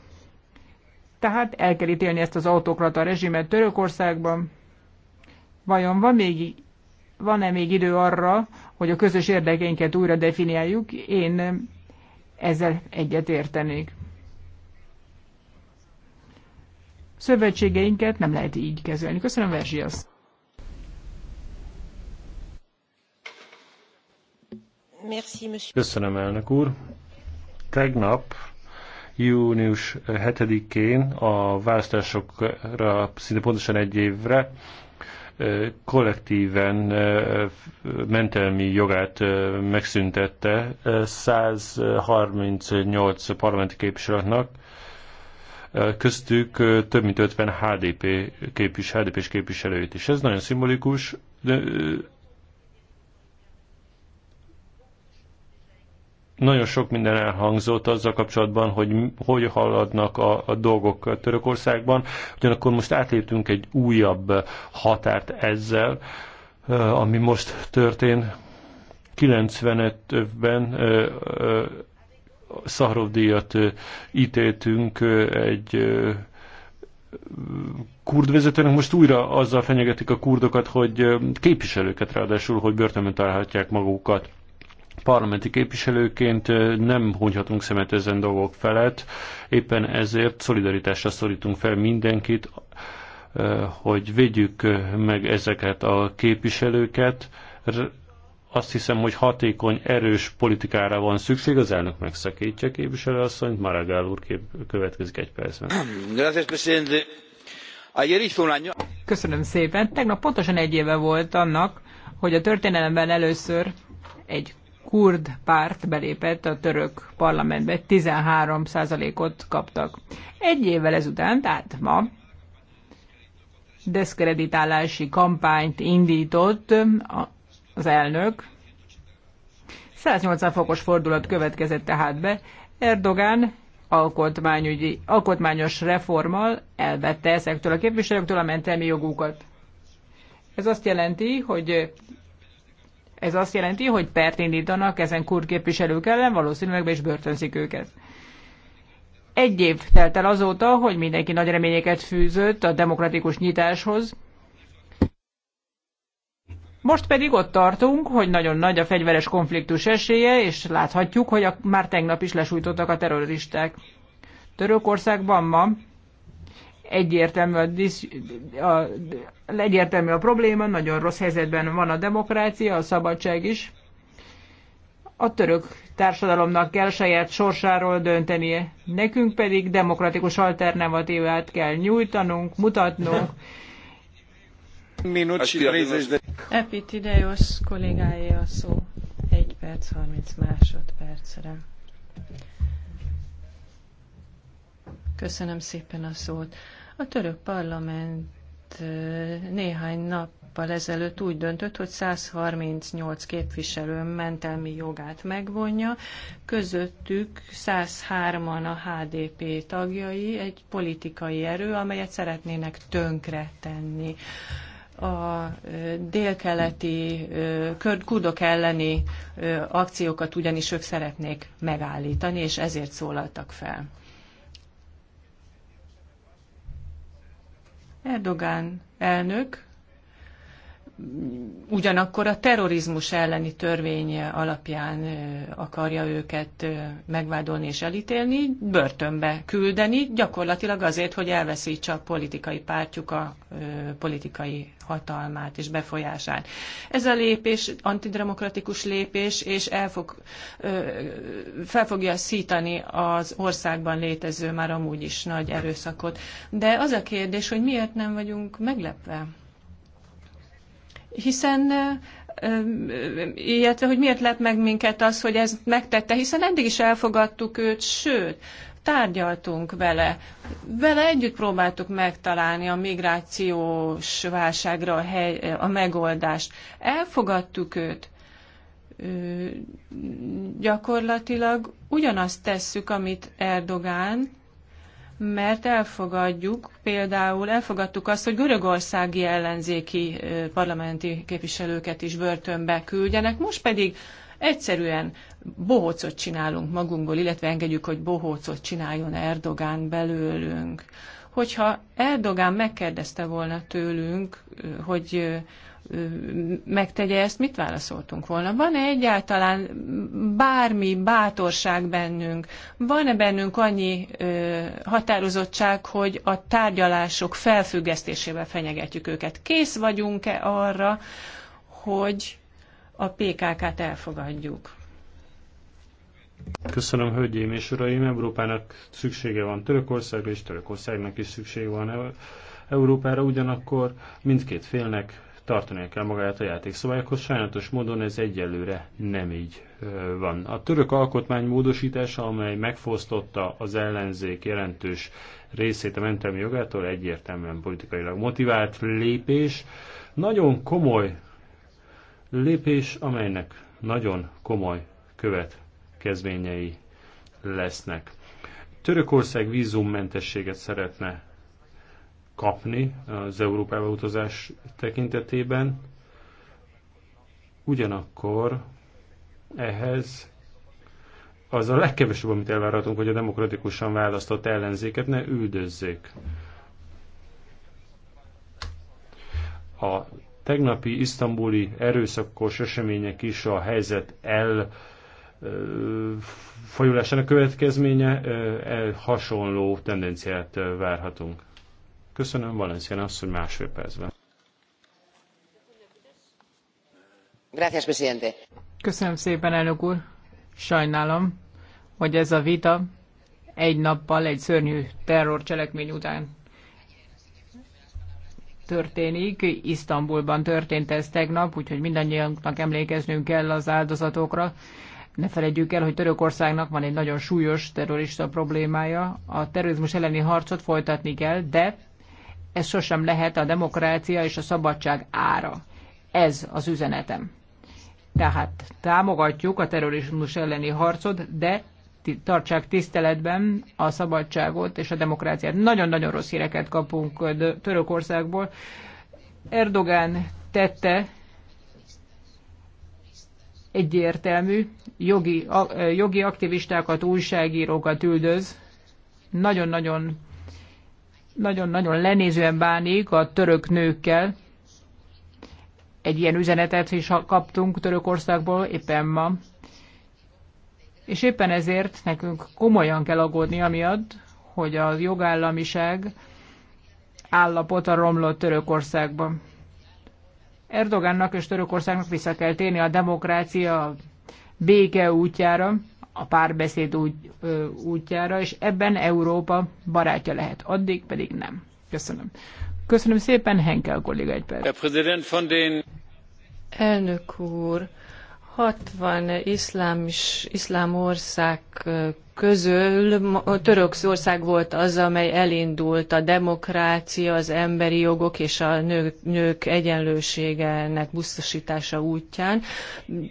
Tehát el kell ítélni ezt az autokrata rezsimet Törökországban. Vajon van még, van-e még idő arra, hogy a közös érdekeinket újra definiáljuk? Én ezzel egyet értenék. Szövetségeinket nem lehet így kezelni. Köszönöm, Verzsias! Köszönöm, elnök úr. Tegnap június 7-én a választásokra szinte pontosan egy évre kollektíven mentelmi jogát megszüntette 138 parlamenti képviselőknek, köztük több mint 50 HDP képvis, HDP-s képviselőt is. Ez nagyon szimbolikus, de Nagyon sok minden elhangzott azzal kapcsolatban, hogy hogy haladnak a, a dolgok Törökországban, ugyanakkor most átléptünk egy újabb határt ezzel, ami most történt. 95-ben Szahrovdíjat ítéltünk egy kurd vezetőnek. Most újra azzal fenyegetik a kurdokat, hogy képviselőket ráadásul, hogy börtönben találhatják magukat parlamenti képviselőként nem hunyhatunk szemet ezen dolgok felett, éppen ezért szolidaritásra szorítunk fel mindenkit, hogy védjük meg ezeket a képviselőket. Azt hiszem, hogy hatékony, erős politikára van szükség. Az elnök megszakítja képviselőasszonyt. Maragál úr kép következik egy percben. Köszönöm szépen. Tegnap pontosan egy éve volt annak, hogy a történelemben először egy kurd párt belépett a török parlamentbe, 13%-ot kaptak. Egy évvel ezután, tehát ma, deszkreditálási kampányt indított az elnök. 180 fokos fordulat következett tehát be. Erdogán alkotmányügyi, alkotmányos reformmal elvette ezektől a képviselőktől a mentelmi jogukat. Ez azt jelenti, hogy ez azt jelenti, hogy pert indítanak ezen kurd képviselők ellen, valószínűleg be is börtönzik őket. Egy év telt el azóta, hogy mindenki nagy reményeket fűzött a demokratikus nyitáshoz. Most pedig ott tartunk, hogy nagyon nagy a fegyveres konfliktus esélye, és láthatjuk, hogy a, már tegnap is lesújtottak a terroristák. Törökországban ma egyértelmű a, disz, a, egyértelmű a probléma, nagyon rossz helyzetben van a demokrácia, a szabadság is. A török társadalomnak kell saját sorsáról döntenie, nekünk pedig demokratikus alternatívát kell nyújtanunk, mutatnunk. Minut, Epitideos kollégáé a szó. 1 perc 30 másodpercre. Köszönöm szépen a szót. A török parlament néhány nappal ezelőtt úgy döntött, hogy 138 képviselő mentelmi jogát megvonja, közöttük 103-an a HDP tagjai, egy politikai erő, amelyet szeretnének tönkre tenni. A délkeleti kurdok elleni akciókat ugyanis ők szeretnék megállítani, és ezért szólaltak fel. Erdogán elnök ugyanakkor a terrorizmus elleni törvény alapján akarja őket megvádolni és elítélni, börtönbe küldeni, gyakorlatilag azért, hogy elveszítse a politikai pártjuk a politikai hatalmát és befolyását. Ez a lépés antidemokratikus lépés, és el fog, fel fogja szítani az országban létező már amúgy is nagy erőszakot. De az a kérdés, hogy miért nem vagyunk meglepve? hiszen illetve hogy miért lep meg minket az, hogy ezt megtette, hiszen eddig is elfogadtuk őt, sőt, tárgyaltunk vele. Vele együtt próbáltuk megtalálni a migrációs válságra a, hely, a megoldást. Elfogadtuk őt. Ö, gyakorlatilag ugyanazt tesszük, amit Erdogán, mert elfogadjuk, például elfogadtuk azt, hogy görögországi ellenzéki parlamenti képviselőket is börtönbe küldjenek, most pedig egyszerűen bohócot csinálunk magunkból, illetve engedjük, hogy bohócot csináljon Erdogán belőlünk. Hogyha Erdogán megkérdezte volna tőlünk, hogy megtegye ezt, mit válaszoltunk volna? Van-e egyáltalán bármi bátorság bennünk? Van-e bennünk annyi ö, határozottság, hogy a tárgyalások felfüggesztésével fenyegetjük őket? Kész vagyunk-e arra, hogy a PKK-t elfogadjuk? Köszönöm, hölgyeim és uraim! Európának szüksége van Törökországra, és Törökországnak is szüksége van Európára, ugyanakkor mindkét félnek tartania kell magát a játékszabályokhoz. Sajnálatos módon ez egyelőre nem így van. A török alkotmány módosítása, amely megfosztotta az ellenzék jelentős részét a mentelmi jogától, egyértelműen politikailag motivált lépés. Nagyon komoly lépés, amelynek nagyon komoly következményei lesznek. Törökország vízummentességet szeretne kapni az Európába utazás tekintetében. Ugyanakkor ehhez az a legkevesebb, amit elvárhatunk, hogy a demokratikusan választott ellenzéket ne üldözzék. A tegnapi isztambuli erőszakos események is a helyzet el folyulásának következménye e hasonló tendenciát várhatunk. Köszönöm, Valencián asszony másfél percben. Köszönöm szépen, elnök úr. Sajnálom, hogy ez a vita egy nappal egy szörnyű terrorcselekmény után történik. Isztambulban történt ez tegnap, úgyhogy mindannyiunknak emlékeznünk kell az áldozatokra. Ne felejtjük el, hogy Törökországnak van egy nagyon súlyos terrorista problémája. A terrorizmus elleni harcot folytatni kell, de ez sosem lehet a demokrácia és a szabadság ára. Ez az üzenetem. Tehát támogatjuk a terrorizmus elleni harcot, de tartsák tiszteletben a szabadságot és a demokráciát. Nagyon-nagyon rossz híreket kapunk Törökországból. Erdogán tette egyértelmű, jogi, jogi aktivistákat, újságírókat üldöz. Nagyon-nagyon nagyon-nagyon lenézően bánik a török nőkkel. Egy ilyen üzenetet is kaptunk Törökországból éppen ma. És éppen ezért nekünk komolyan kell aggódni amiatt, hogy a jogállamiság állapota romlott Törökországban. Erdogánnak és Törökországnak vissza kell térni a demokrácia béke útjára, a párbeszéd úgy, ö, útjára, és ebben Európa barátja lehet, addig pedig nem. Köszönöm. Köszönöm szépen, Henkel kolléga egy perc. Elnök úr, 60 iszlám, iszlám ország közül Törökország volt az, amely elindult a demokrácia, az emberi jogok és a nők, nők egyenlőségenek biztosítása útján.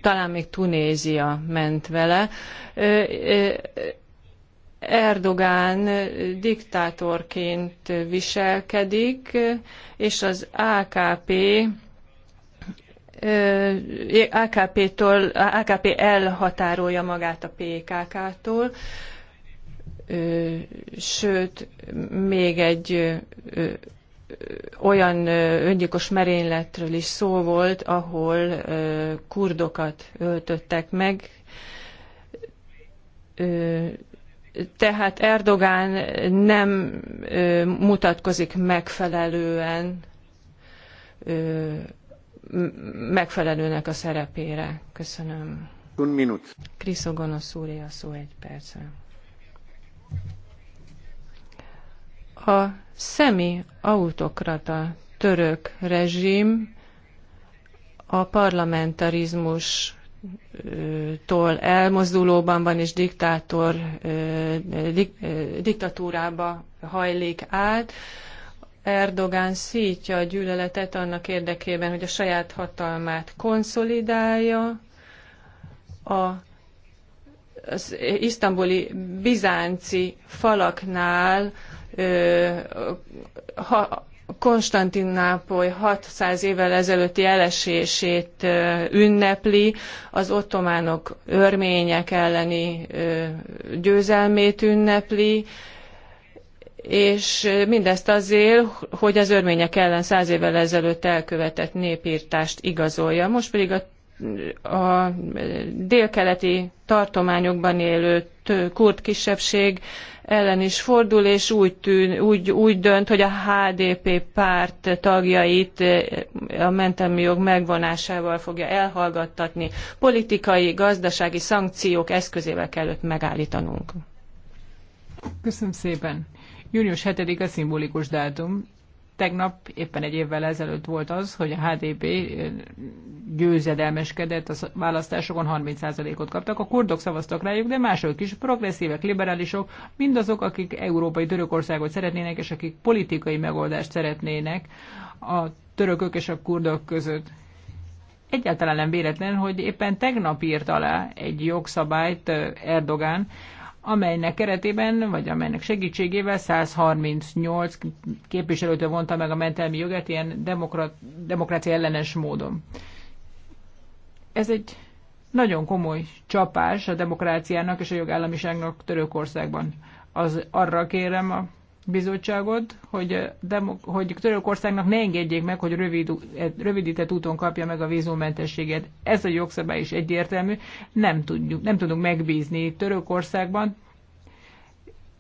Talán még Tunézia ment vele. Erdogán diktátorként viselkedik, és az AKP AKP-tól, AKP elhatárolja magát a PKK-tól, sőt, még egy olyan öngyilkos merényletről is szó volt, ahol kurdokat öltöttek meg. Tehát Erdogán nem mutatkozik megfelelően megfelelőnek a szerepére. Köszönöm. Un minut. Kriszogonosz úr, a szó egy percre. A szemi autokrata török rezsim a parlamentarizmus tól elmozdulóban van és diktátor, dik, diktatúrába hajlik át. Erdogan szítja a gyűlöletet annak érdekében, hogy a saját hatalmát konszolidálja, a az isztambuli bizánci falaknál ö, ha, Konstantinápoly 600 évvel ezelőtti elesését ö, ünnepli, az ottománok örmények elleni ö, győzelmét ünnepli, és mindezt azért, hogy az örmények ellen száz évvel ezelőtt elkövetett népírtást igazolja. Most pedig a a délkeleti tartományokban élő kurd kisebbség ellen is fordul, és úgy, tűn, úgy, úgy dönt, hogy a HDP párt tagjait a mentelmi jog megvonásával fogja elhallgattatni. Politikai, gazdasági szankciók eszközével kellett megállítanunk. Köszönöm szépen. Június 7-e szimbolikus dátum. Tegnap, éppen egy évvel ezelőtt volt az, hogy a HDP eh, győzedelmeskedett a választásokon 30%-ot kaptak. A kurdok szavaztak rájuk, de mások is, progresszívek, liberálisok, mindazok, akik európai Törökországot szeretnének, és akik politikai megoldást szeretnének a törökök és a kurdok között. Egyáltalán nem véletlen, hogy éppen tegnap írt alá egy jogszabályt eh, Erdogán, amelynek keretében, vagy amelynek segítségével 138 képviselőtől vonta meg a mentelmi jogát ilyen demokrat, demokrácia ellenes módon. Ez egy nagyon komoly csapás a demokráciának és a jogállamiságnak Törökországban. Az, arra kérem a bizottságot, hogy, eh, demok- hogy Törökországnak ne engedjék meg, hogy rövid, eh, rövidített úton kapja meg a vízummentességet. Ez a jogszabály is egyértelmű. Nem, tudjuk, nem tudunk megbízni Törökországban.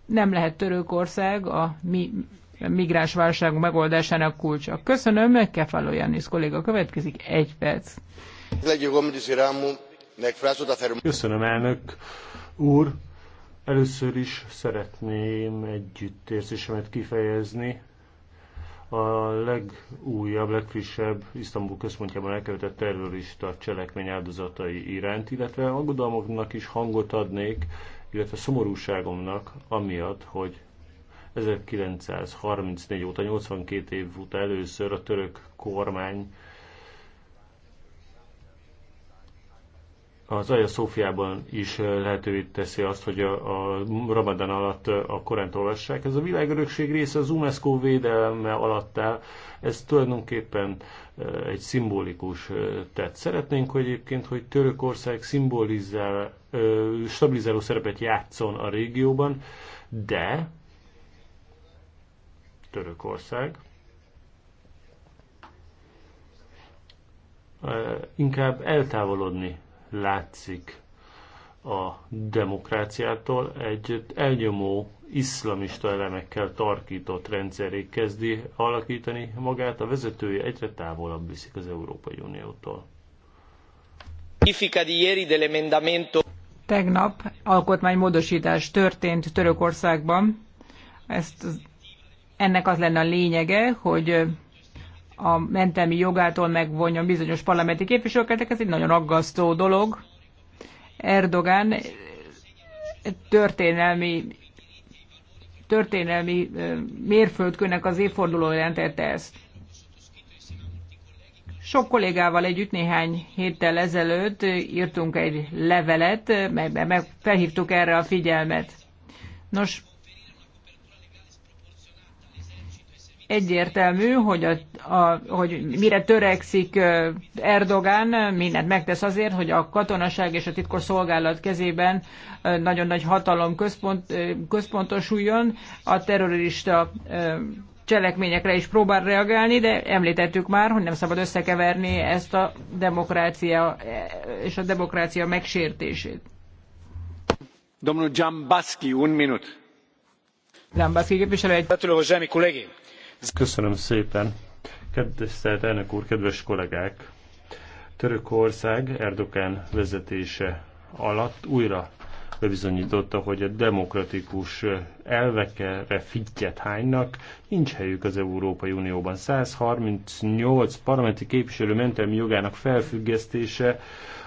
Nem lehet Törökország a mi migránsválság megoldásának kulcsa. Köszönöm, Kefalo Janis kolléga következik, egy perc. Köszönöm, elnök úr Először is szeretném együttérzésemet kifejezni a legújabb, legfrissebb Isztambul központjában elkövetett terrorista cselekmény áldozatai iránt, illetve aggodalmaknak is hangot adnék, illetve szomorúságomnak, amiatt, hogy 1934 óta, 82 év óta először a török kormány az Aja Szófiában is lehetővé teszi azt, hogy a, a Ramadan alatt a Koránt olvassák. Ez a világörökség része az UNESCO védelme alatt áll. Ez tulajdonképpen egy szimbolikus tett. Szeretnénk hogy egyébként, hogy Törökország szimbolizál, stabilizáló szerepet játszon a régióban, de Törökország inkább eltávolodni látszik a demokráciától, egy elnyomó iszlamista elemekkel tarkított rendszeré kezdi alakítani magát, a vezetője egyre távolabb viszik az Európai Uniótól. Tegnap alkotmánymódosítás történt Törökországban. Ezt, ennek az lenne a lényege, hogy a mentelmi jogától megvonjon bizonyos parlamenti képviselőket, ez egy nagyon aggasztó dolog. Erdogan történelmi történelmi mérföldkőnek az évforduló jelentette ezt. Sok kollégával együtt néhány héttel ezelőtt írtunk egy levelet, melyben felhívtuk erre a figyelmet. Nos, egyértelmű, hogy, a, a, hogy mire törekszik Erdogán, mindent megtesz azért, hogy a katonaság és a titkos szolgálat kezében nagyon nagy hatalom központ, központosuljon, a terrorista cselekményekre is próbál reagálni, de említettük már, hogy nem szabad összekeverni ezt a demokrácia és a demokrácia megsértését. Domnul Jambaski, un minut. Jambaski képviselő egy... Gratulok, kollégém! Köszönöm szépen. Kedves elnök úr, kedves kollégák! Törökország Erdogan vezetése alatt újra bebizonyította, hogy a demokratikus elvekre figyet hánynak, nincs helyük az Európai Unióban. 138 parlamenti képviselő mentelmi jogának felfüggesztése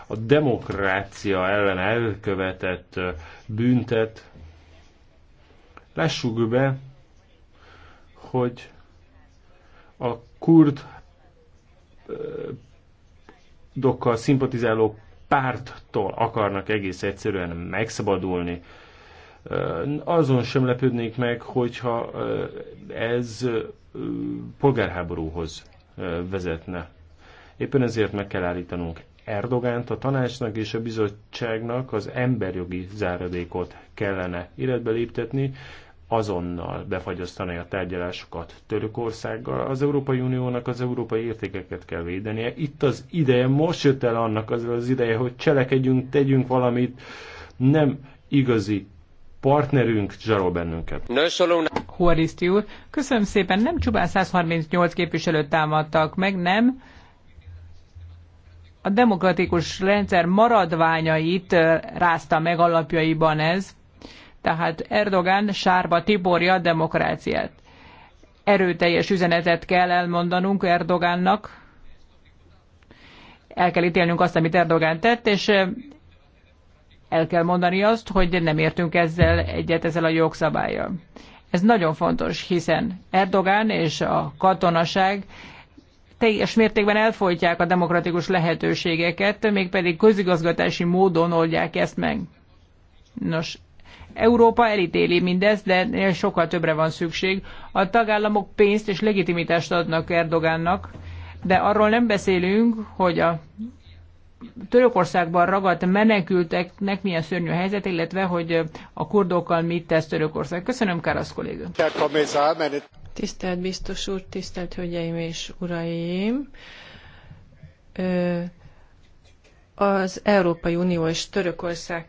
a demokrácia ellen elkövetett büntet. Lássuk be, hogy a kurd dokkal szimpatizáló párttól akarnak egész egyszerűen megszabadulni. Azon sem lepődnék meg, hogyha ez polgárháborúhoz vezetne. Éppen ezért meg kell állítanunk Erdogánt, a tanácsnak és a bizottságnak az emberjogi záradékot kellene életbe léptetni, azonnal befagyasztani a tárgyalásokat Törökországgal. Az Európai Uniónak az európai értékeket kell védenie. Itt az ideje, most jött el annak az, az ideje, hogy cselekedjünk, tegyünk valamit. Nem igazi partnerünk zsarol bennünket. Huariszti úr, köszönöm szépen, nem csupán 138 képviselőt támadtak meg, nem a demokratikus rendszer maradványait rázta meg alapjaiban ez. Tehát Erdogan sárba tiborja a demokráciát. Erőteljes üzenetet kell elmondanunk Erdogannak. El kell ítélnünk azt, amit Erdogan tett, és eh, el kell mondani azt, hogy nem értünk ezzel egyet, ezzel a jogszabályjal. Ez nagyon fontos, hiszen Erdogan és a katonaság teljes mértékben elfolytják a demokratikus lehetőségeket, mégpedig közigazgatási módon oldják ezt meg. Nos, Európa elítéli mindezt, de sokkal többre van szükség. A tagállamok pénzt és legitimitást adnak Erdogánnak, de arról nem beszélünk, hogy a Törökországban ragadt menekülteknek milyen szörnyű helyzet, illetve hogy a kurdokkal mit tesz Törökország. Köszönöm, Kárasz kolléga. Tisztelt biztos úr, tisztelt hölgyeim és uraim! az Európai Unió és Törökország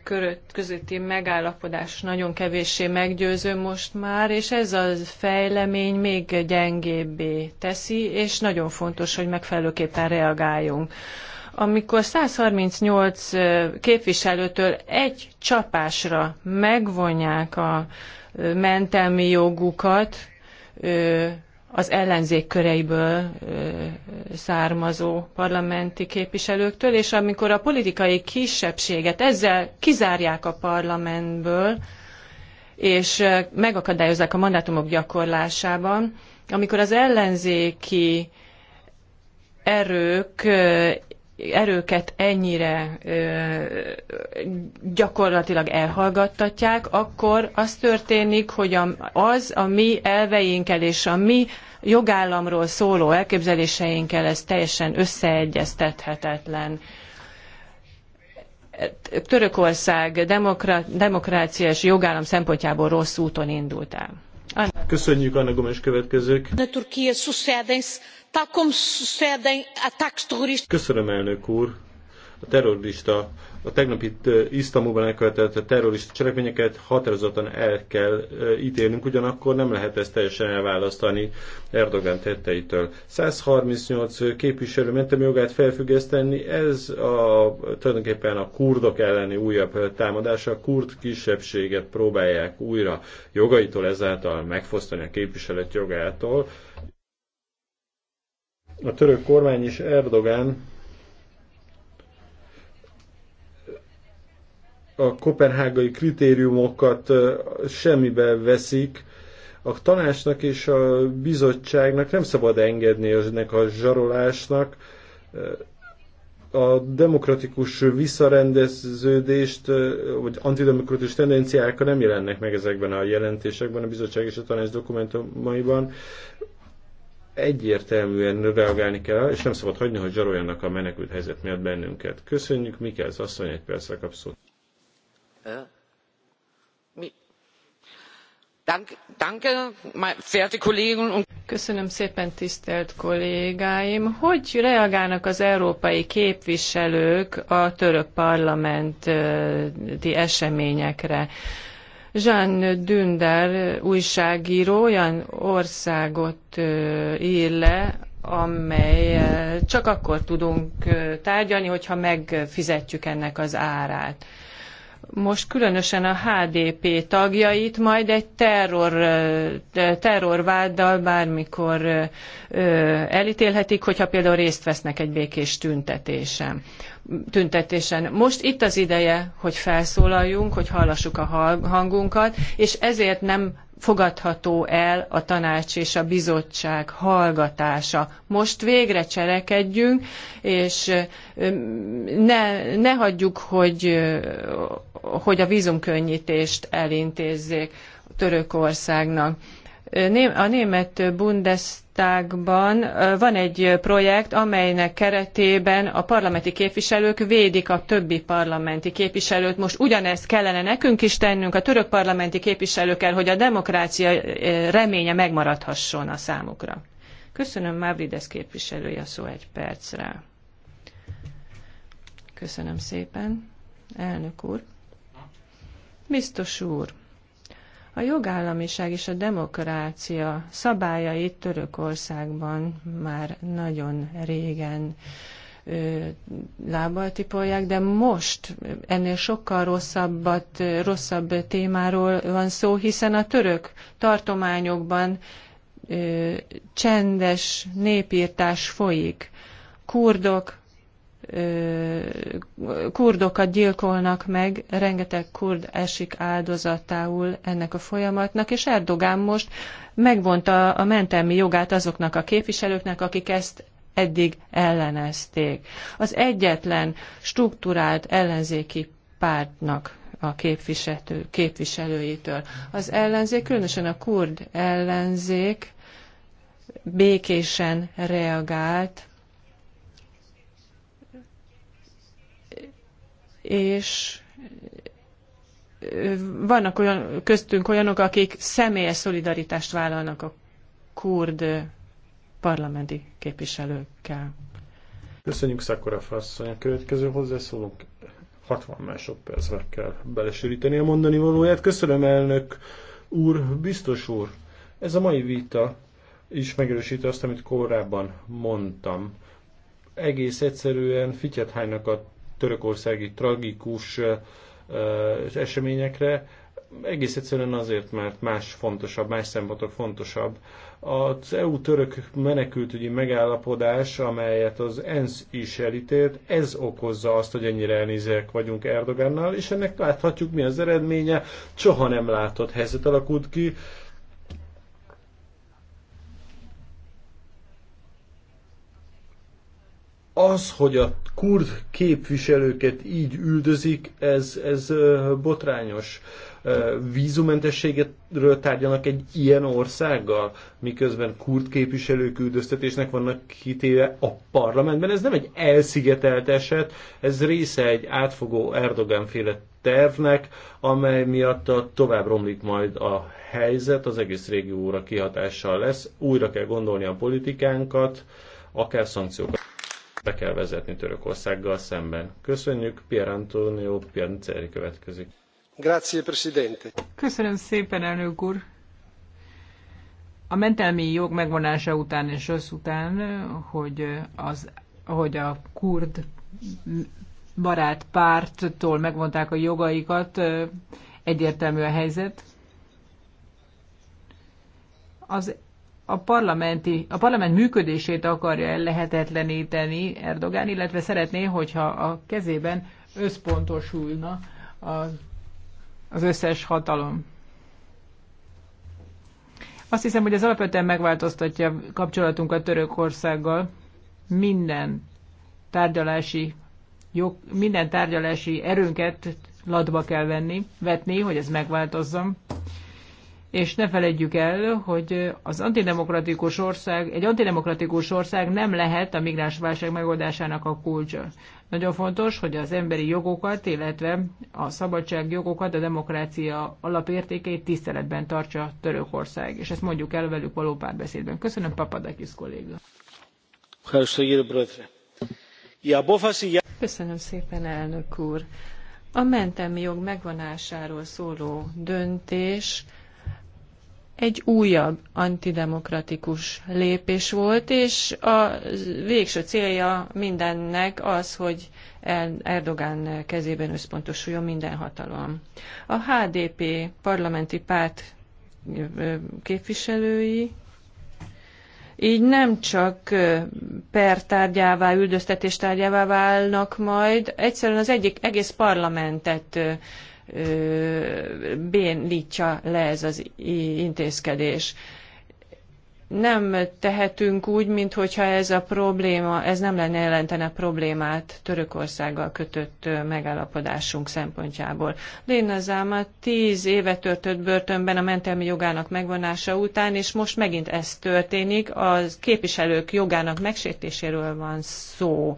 közötti megállapodás nagyon kevéssé meggyőző most már, és ez a fejlemény még gyengébbé teszi, és nagyon fontos, hogy megfelelőképpen reagáljunk. Amikor 138 képviselőtől egy csapásra megvonják a mentelmi jogukat, az ellenzék köreiből származó parlamenti képviselőktől, és amikor a politikai kisebbséget ezzel kizárják a parlamentből, és megakadályozzák a mandátumok gyakorlásában, amikor az ellenzéki erők erőket ennyire gyakorlatilag elhallgattatják, akkor az történik, hogy az a mi elveinkkel és a mi jogállamról szóló elképzeléseinkkel ez teljesen összeegyeztethetetlen. Törökország demokrácia és jogállam szempontjából rossz úton indult el. Köszönjük, Anna Gomes következők. A Köszönöm, elnök úr. A terrorista, a tegnapi Isztambulban elkövetett terrorista cselekményeket határozottan el kell ítélnünk, ugyanakkor nem lehet ezt teljesen elválasztani Erdogan tetteitől. 138 képviselő mentemi jogát felfüggeszteni, ez a, tulajdonképpen a kurdok elleni újabb támadása, a kurd kisebbséget próbálják újra jogaitól ezáltal megfosztani a képviselet jogától a török kormány és Erdogán a kopenhágai kritériumokat semmibe veszik, a tanácsnak és a bizottságnak nem szabad engedni ennek a zsarolásnak. A demokratikus visszarendeződést, vagy antidemokratikus tendenciákkal nem jelennek meg ezekben a jelentésekben, a bizottság és a tanács dokumentumaiban egyértelműen reagálni kell, és nem szabad hagyni, hogy zsaroljanak a menekült helyzet miatt bennünket. Köszönjük, az asszony, egy percre kapszót. Mi? Köszönöm szépen, tisztelt kollégáim! Hogy reagálnak az európai képviselők a török parlamenti eseményekre? Jean Dündar újságíró olyan országot ír le, amely csak akkor tudunk tárgyalni, hogyha megfizetjük ennek az árát most különösen a HDP tagjait majd egy terror, terrorváddal bármikor elítélhetik, hogyha például részt vesznek egy békés tüntetésen tüntetésen. Most itt az ideje, hogy felszólaljunk, hogy hallassuk a hangunkat, és ezért nem fogadható el a tanács és a bizottság hallgatása. Most végre cselekedjünk, és ne, ne hagyjuk, hogy, hogy a vízumkönnyítést elintézzék Törökországnak a német Bundestagban van egy projekt, amelynek keretében a parlamenti képviselők védik a többi parlamenti képviselőt. Most ugyanezt kellene nekünk is tennünk a török parlamenti képviselőkkel, hogy a demokrácia reménye megmaradhasson a számukra. Köszönöm Mavrides képviselője a szó egy percre. Köszönöm szépen, elnök úr. Biztos úr, a jogállamiság és a demokrácia szabályait Törökországban már nagyon régen lábbal tipolják, de most ennél sokkal rosszabbat, rosszabb témáról van szó, hiszen a török tartományokban ö, csendes népírtás folyik. Kurdok, kurdokat gyilkolnak meg, rengeteg kurd esik áldozatául ennek a folyamatnak, és Erdogán most megvonta a mentelmi jogát azoknak a képviselőknek, akik ezt eddig ellenezték. Az egyetlen struktúrált ellenzéki pártnak a képviselő, képviselőitől. Az ellenzék, különösen a kurd ellenzék békésen reagált és vannak olyan, köztünk olyanok, akik személyes szolidaritást vállalnak a kurd parlamenti képviselőkkel. Köszönjük Szakora Fasszony. A következő hozzászólók. 60 másodpercre kell belesűríteni a mondani valóját. Köszönöm elnök úr, biztos úr. Ez a mai vita is megerősíti azt, amit korábban mondtam. Egész egyszerűen fityethánynak a törökországi tragikus eseményekre, egész egyszerűen azért, mert más fontosabb, más szempontok fontosabb. Az EU-török menekültügyi megállapodás, amelyet az ENSZ is elítélt, ez okozza azt, hogy ennyire elnézek vagyunk Erdogannal, és ennek láthatjuk mi az eredménye. Soha nem látott helyzet alakult ki, az, hogy a kurd képviselőket így üldözik, ez, ez botrányos. Vízumentességetről tárgyalnak egy ilyen országgal, miközben kurd képviselők üldöztetésnek vannak kitéve a parlamentben. Ez nem egy elszigetelt eset, ez része egy átfogó Erdogan féle tervnek, amely miatt a tovább romlik majd a helyzet, az egész régióra kihatással lesz. Újra kell gondolni a politikánkat, akár szankciókat be kell vezetni Törökországgal szemben. Köszönjük, Pier Antonio Pianceri következik. Grazie, Presidente. Köszönöm szépen, elnök úr. A mentelmi jog megvonása után és össz után, hogy, az, hogy a kurd barát párttól megvonták a jogaikat, egyértelmű a helyzet. Az a, parlamenti, a parlament működését akarja lehetetleníteni Erdogán, illetve szeretné, hogyha a kezében összpontosulna az, az összes hatalom. Azt hiszem, hogy ez alapvetően megváltoztatja kapcsolatunkat Törökországgal. Minden tárgyalási, jó, minden tárgyalási erőnket ladba kell venni, vetni, hogy ez megváltozzon és ne felejtjük el, hogy az antidemokratikus ország, egy antidemokratikus ország nem lehet a migránsválság megoldásának a kulcsa. Nagyon fontos, hogy az emberi jogokat, illetve a szabadság jogokat, a demokrácia alapértékeit tiszteletben tartsa Törökország, és ezt mondjuk el velük való párbeszédben. Köszönöm Papadakis kolléga. Köszönöm szépen, elnök úr. A mentemi jog megvonásáról szóló döntés egy újabb antidemokratikus lépés volt, és a végső célja mindennek az, hogy Erdogán kezében összpontosuljon minden hatalom. A HDP parlamenti párt képviselői így nem csak pertárgyává, üldöztetéstárgyává válnak majd, egyszerűen az egyik egész parlamentet bénítsa le ez az intézkedés. Nem tehetünk úgy, mintha ez a probléma, ez nem lenne jelentene problémát Törökországgal kötött megállapodásunk szempontjából. Léna Záma tíz éve törtött börtönben a mentelmi jogának megvonása után, és most megint ez történik, a képviselők jogának megsértéséről van szó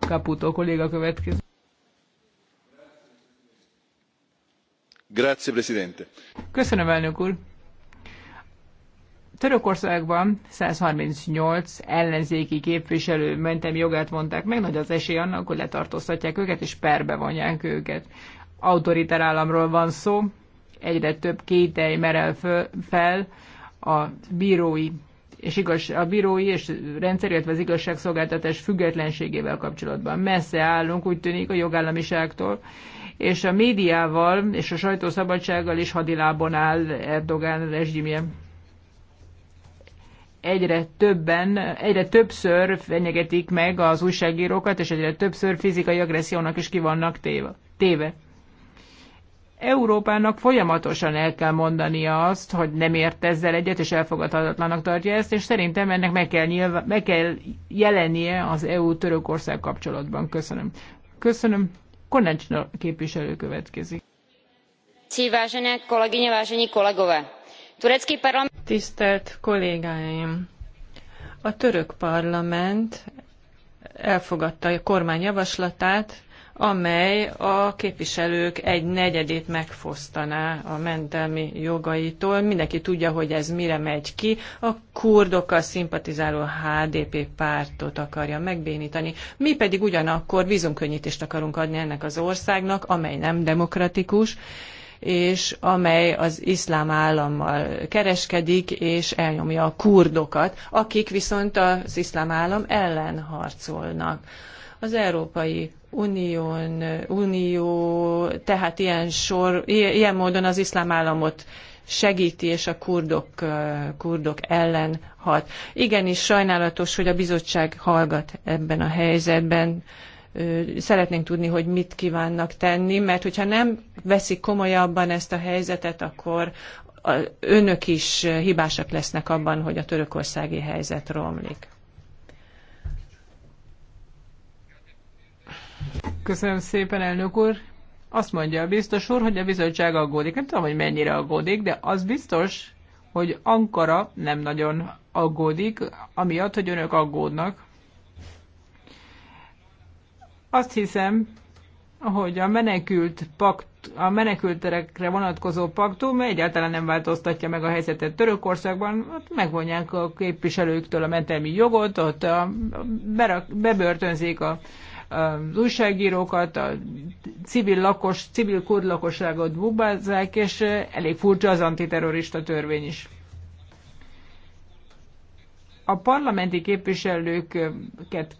Caputo kolléga következik. Grazie, Presidente. Köszönöm, elnök úr. Törökországban 138 ellenzéki képviselő mentem jogát mondták meg, nagy az esély annak, hogy letartóztatják őket és perbe vonják őket. Autoriter államról van szó, egyre több kételj merel fel a bírói és igaz, a bírói és rendszer, illetve az igazságszolgáltatás függetlenségével kapcsolatban. Messze állunk, úgy tűnik, a jogállamiságtól, és a médiával és a sajtószabadsággal is hadilában áll Erdogán rezsimje. Egyre többen, egyre többször fenyegetik meg az újságírókat, és egyre többször fizikai agressziónak is ki vannak téve. téve. Európának folyamatosan el kell mondania azt, hogy nem ért ezzel egyet, és elfogadhatatlanak tartja ezt, és szerintem ennek meg kell, nyilván, meg kell jelennie az EU-Törökország kapcsolatban. Köszönöm. Köszönöm. Konecsna képviselő következik. Tisztelt kollégáim! A török parlament elfogadta a kormány javaslatát, amely a képviselők egy negyedét megfosztaná a mentelmi jogaitól. Mindenki tudja, hogy ez mire megy ki. A kurdokkal szimpatizáló HDP pártot akarja megbénítani. Mi pedig ugyanakkor vízumkönnyítést akarunk adni ennek az országnak, amely nem demokratikus és amely az iszlám állammal kereskedik, és elnyomja a kurdokat, akik viszont az iszlám állam ellen harcolnak. Az Európai Unión, Unió tehát ilyen, sor, ilyen módon az iszlám államot segíti és a kurdok, kurdok ellen hat. Igenis sajnálatos, hogy a bizottság hallgat ebben a helyzetben. Szeretnénk tudni, hogy mit kívánnak tenni, mert hogyha nem veszik komolyabban ezt a helyzetet, akkor önök is hibásak lesznek abban, hogy a törökországi helyzet romlik. Köszönöm szépen, elnök úr. Azt mondja a biztos úr, hogy a bizottság aggódik. Nem tudom, hogy mennyire aggódik, de az biztos, hogy Ankara nem nagyon aggódik, amiatt, hogy önök aggódnak. Azt hiszem, hogy a menekült pakt, a menekülterekre vonatkozó paktum egyáltalán nem változtatja meg a helyzetet Törökországban, ott megvonják a képviselőktől a mentelmi jogot, ott a, a, bebörtönzik a az újságírókat, a civil, lakos, civil kurd lakosságot bubázzák, és elég furcsa az antiterrorista törvény is. A parlamenti képviselőket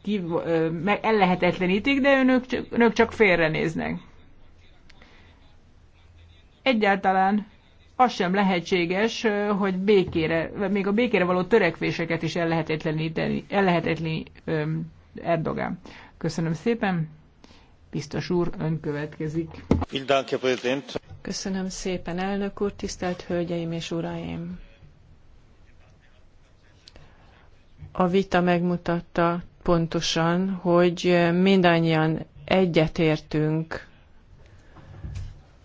ellehetetlenítik, de önök, csak, önök csak félrenéznek. Egyáltalán az sem lehetséges, hogy békére, még a békére való törekvéseket is ellehetetleníteni, ellehetetleníteni Erdogán. Köszönöm szépen. Biztos úr, ön következik. Köszönöm szépen, elnök úr, tisztelt hölgyeim és uraim! A vita megmutatta pontosan, hogy mindannyian egyetértünk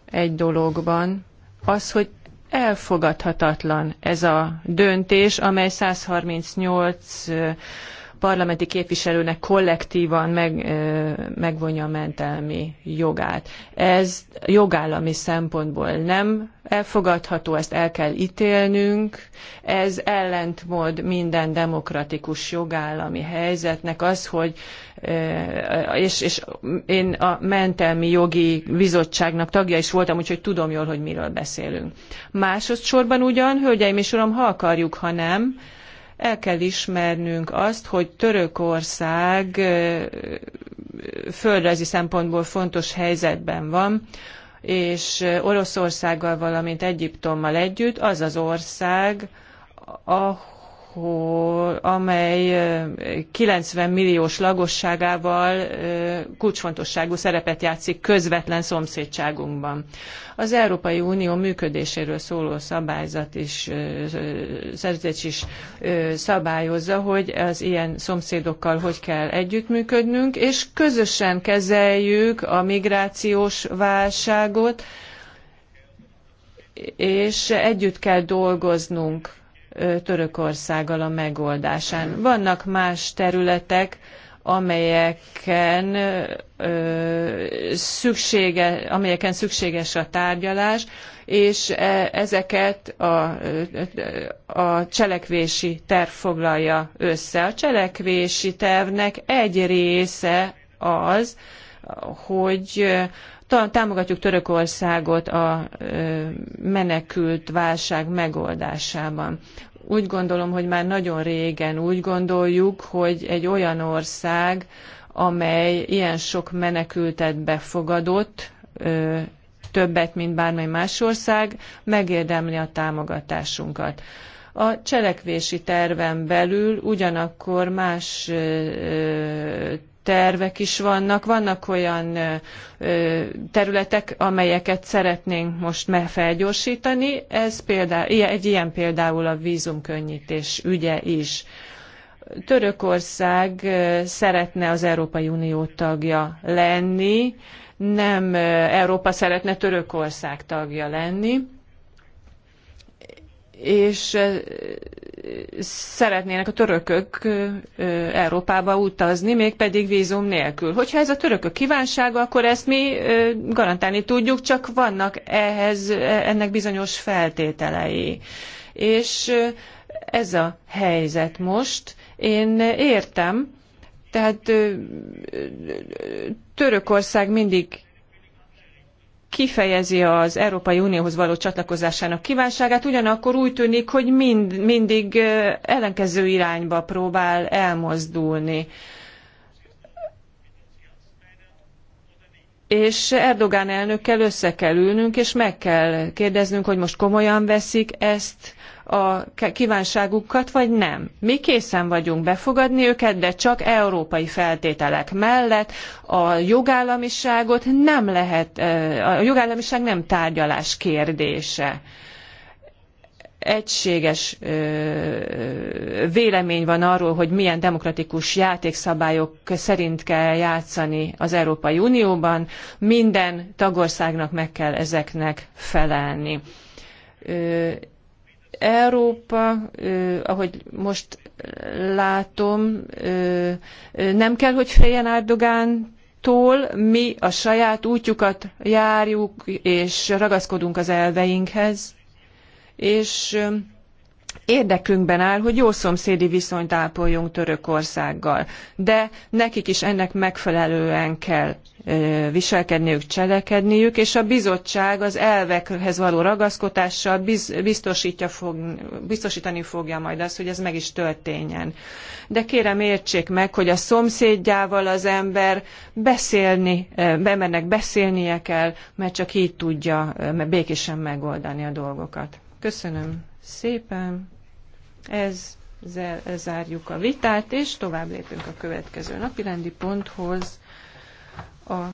egy dologban, az, hogy elfogadhatatlan ez a döntés, amely 138 parlamenti képviselőnek kollektívan meg, megvonja a mentelmi jogát. Ez jogállami szempontból nem elfogadható, ezt el kell ítélnünk. Ez ellentmond minden demokratikus jogállami helyzetnek az, hogy és, és én a mentelmi jogi bizottságnak tagja is voltam, úgyhogy tudom jól, hogy miről beszélünk. Másodszorban ugyan, hölgyeim és uram, ha akarjuk, ha nem, el kell ismernünk azt, hogy Törökország földrajzi szempontból fontos helyzetben van, és Oroszországgal, valamint Egyiptommal együtt az az ország, ahol amely 90 milliós lagosságával kulcsfontosságú szerepet játszik közvetlen szomszédságunkban. Az Európai Unió működéséről szóló szabályzat is, szerződés is szabályozza, hogy az ilyen szomszédokkal hogy kell együttműködnünk, és közösen kezeljük a migrációs válságot, és együtt kell dolgoznunk Törökországgal a megoldásán. Vannak más területek, amelyeken, szüksége, amelyeken szükséges a tárgyalás, és e, ezeket a, a cselekvési terv foglalja össze. A cselekvési tervnek egy része az, hogy támogatjuk Törökországot a menekült válság megoldásában. Úgy gondolom, hogy már nagyon régen úgy gondoljuk, hogy egy olyan ország, amely ilyen sok menekültet befogadott, többet, mint bármely más ország, megérdemli a támogatásunkat. A cselekvési terven belül ugyanakkor más tervek is vannak. Vannak olyan területek, amelyeket szeretnénk most felgyorsítani. Ez például, egy ilyen például a vízumkönnyítés ügye is. Törökország szeretne az Európai Unió tagja lenni, nem Európa szeretne Törökország tagja lenni és szeretnének a törökök Európába utazni, mégpedig vízum nélkül. Hogyha ez a törökök kívánsága, akkor ezt mi garantálni tudjuk, csak vannak ehhez e, ennek bizonyos feltételei. És ez a helyzet most. Én értem, tehát Törökország mindig kifejezi az Európai Unióhoz való csatlakozásának kívánságát, ugyanakkor úgy tűnik, hogy mind, mindig ellenkező irányba próbál elmozdulni. és Erdogán elnökkel össze kell ülnünk, és meg kell kérdeznünk, hogy most komolyan veszik ezt a kívánságukat, vagy nem. Mi készen vagyunk befogadni őket, de csak európai feltételek mellett a jogállamiságot nem lehet, a jogállamiság nem tárgyalás kérdése egységes vélemény van arról, hogy milyen demokratikus játékszabályok szerint kell játszani az Európai Unióban, minden tagországnak meg kell ezeknek felelni. Európa, ahogy most látom, nem kell, hogy féljen Erdogán tól mi a saját útjukat járjuk, és ragaszkodunk az elveinkhez, és érdekünkben áll, hogy jó szomszédi viszonyt ápoljunk Törökországgal, de nekik is ennek megfelelően kell viselkedniük, cselekedniük, és a bizottság az elvekhez való ragaszkodással biztosítja fog, biztosítani fogja majd azt, hogy ez meg is történjen. De kérem értsék meg, hogy a szomszédjával az ember beszélni, bemennek beszélnie kell, mert csak így tudja békésen megoldani a dolgokat. Köszönöm szépen. Ez zárjuk a vitát, és tovább lépünk a következő napirendi ponthoz.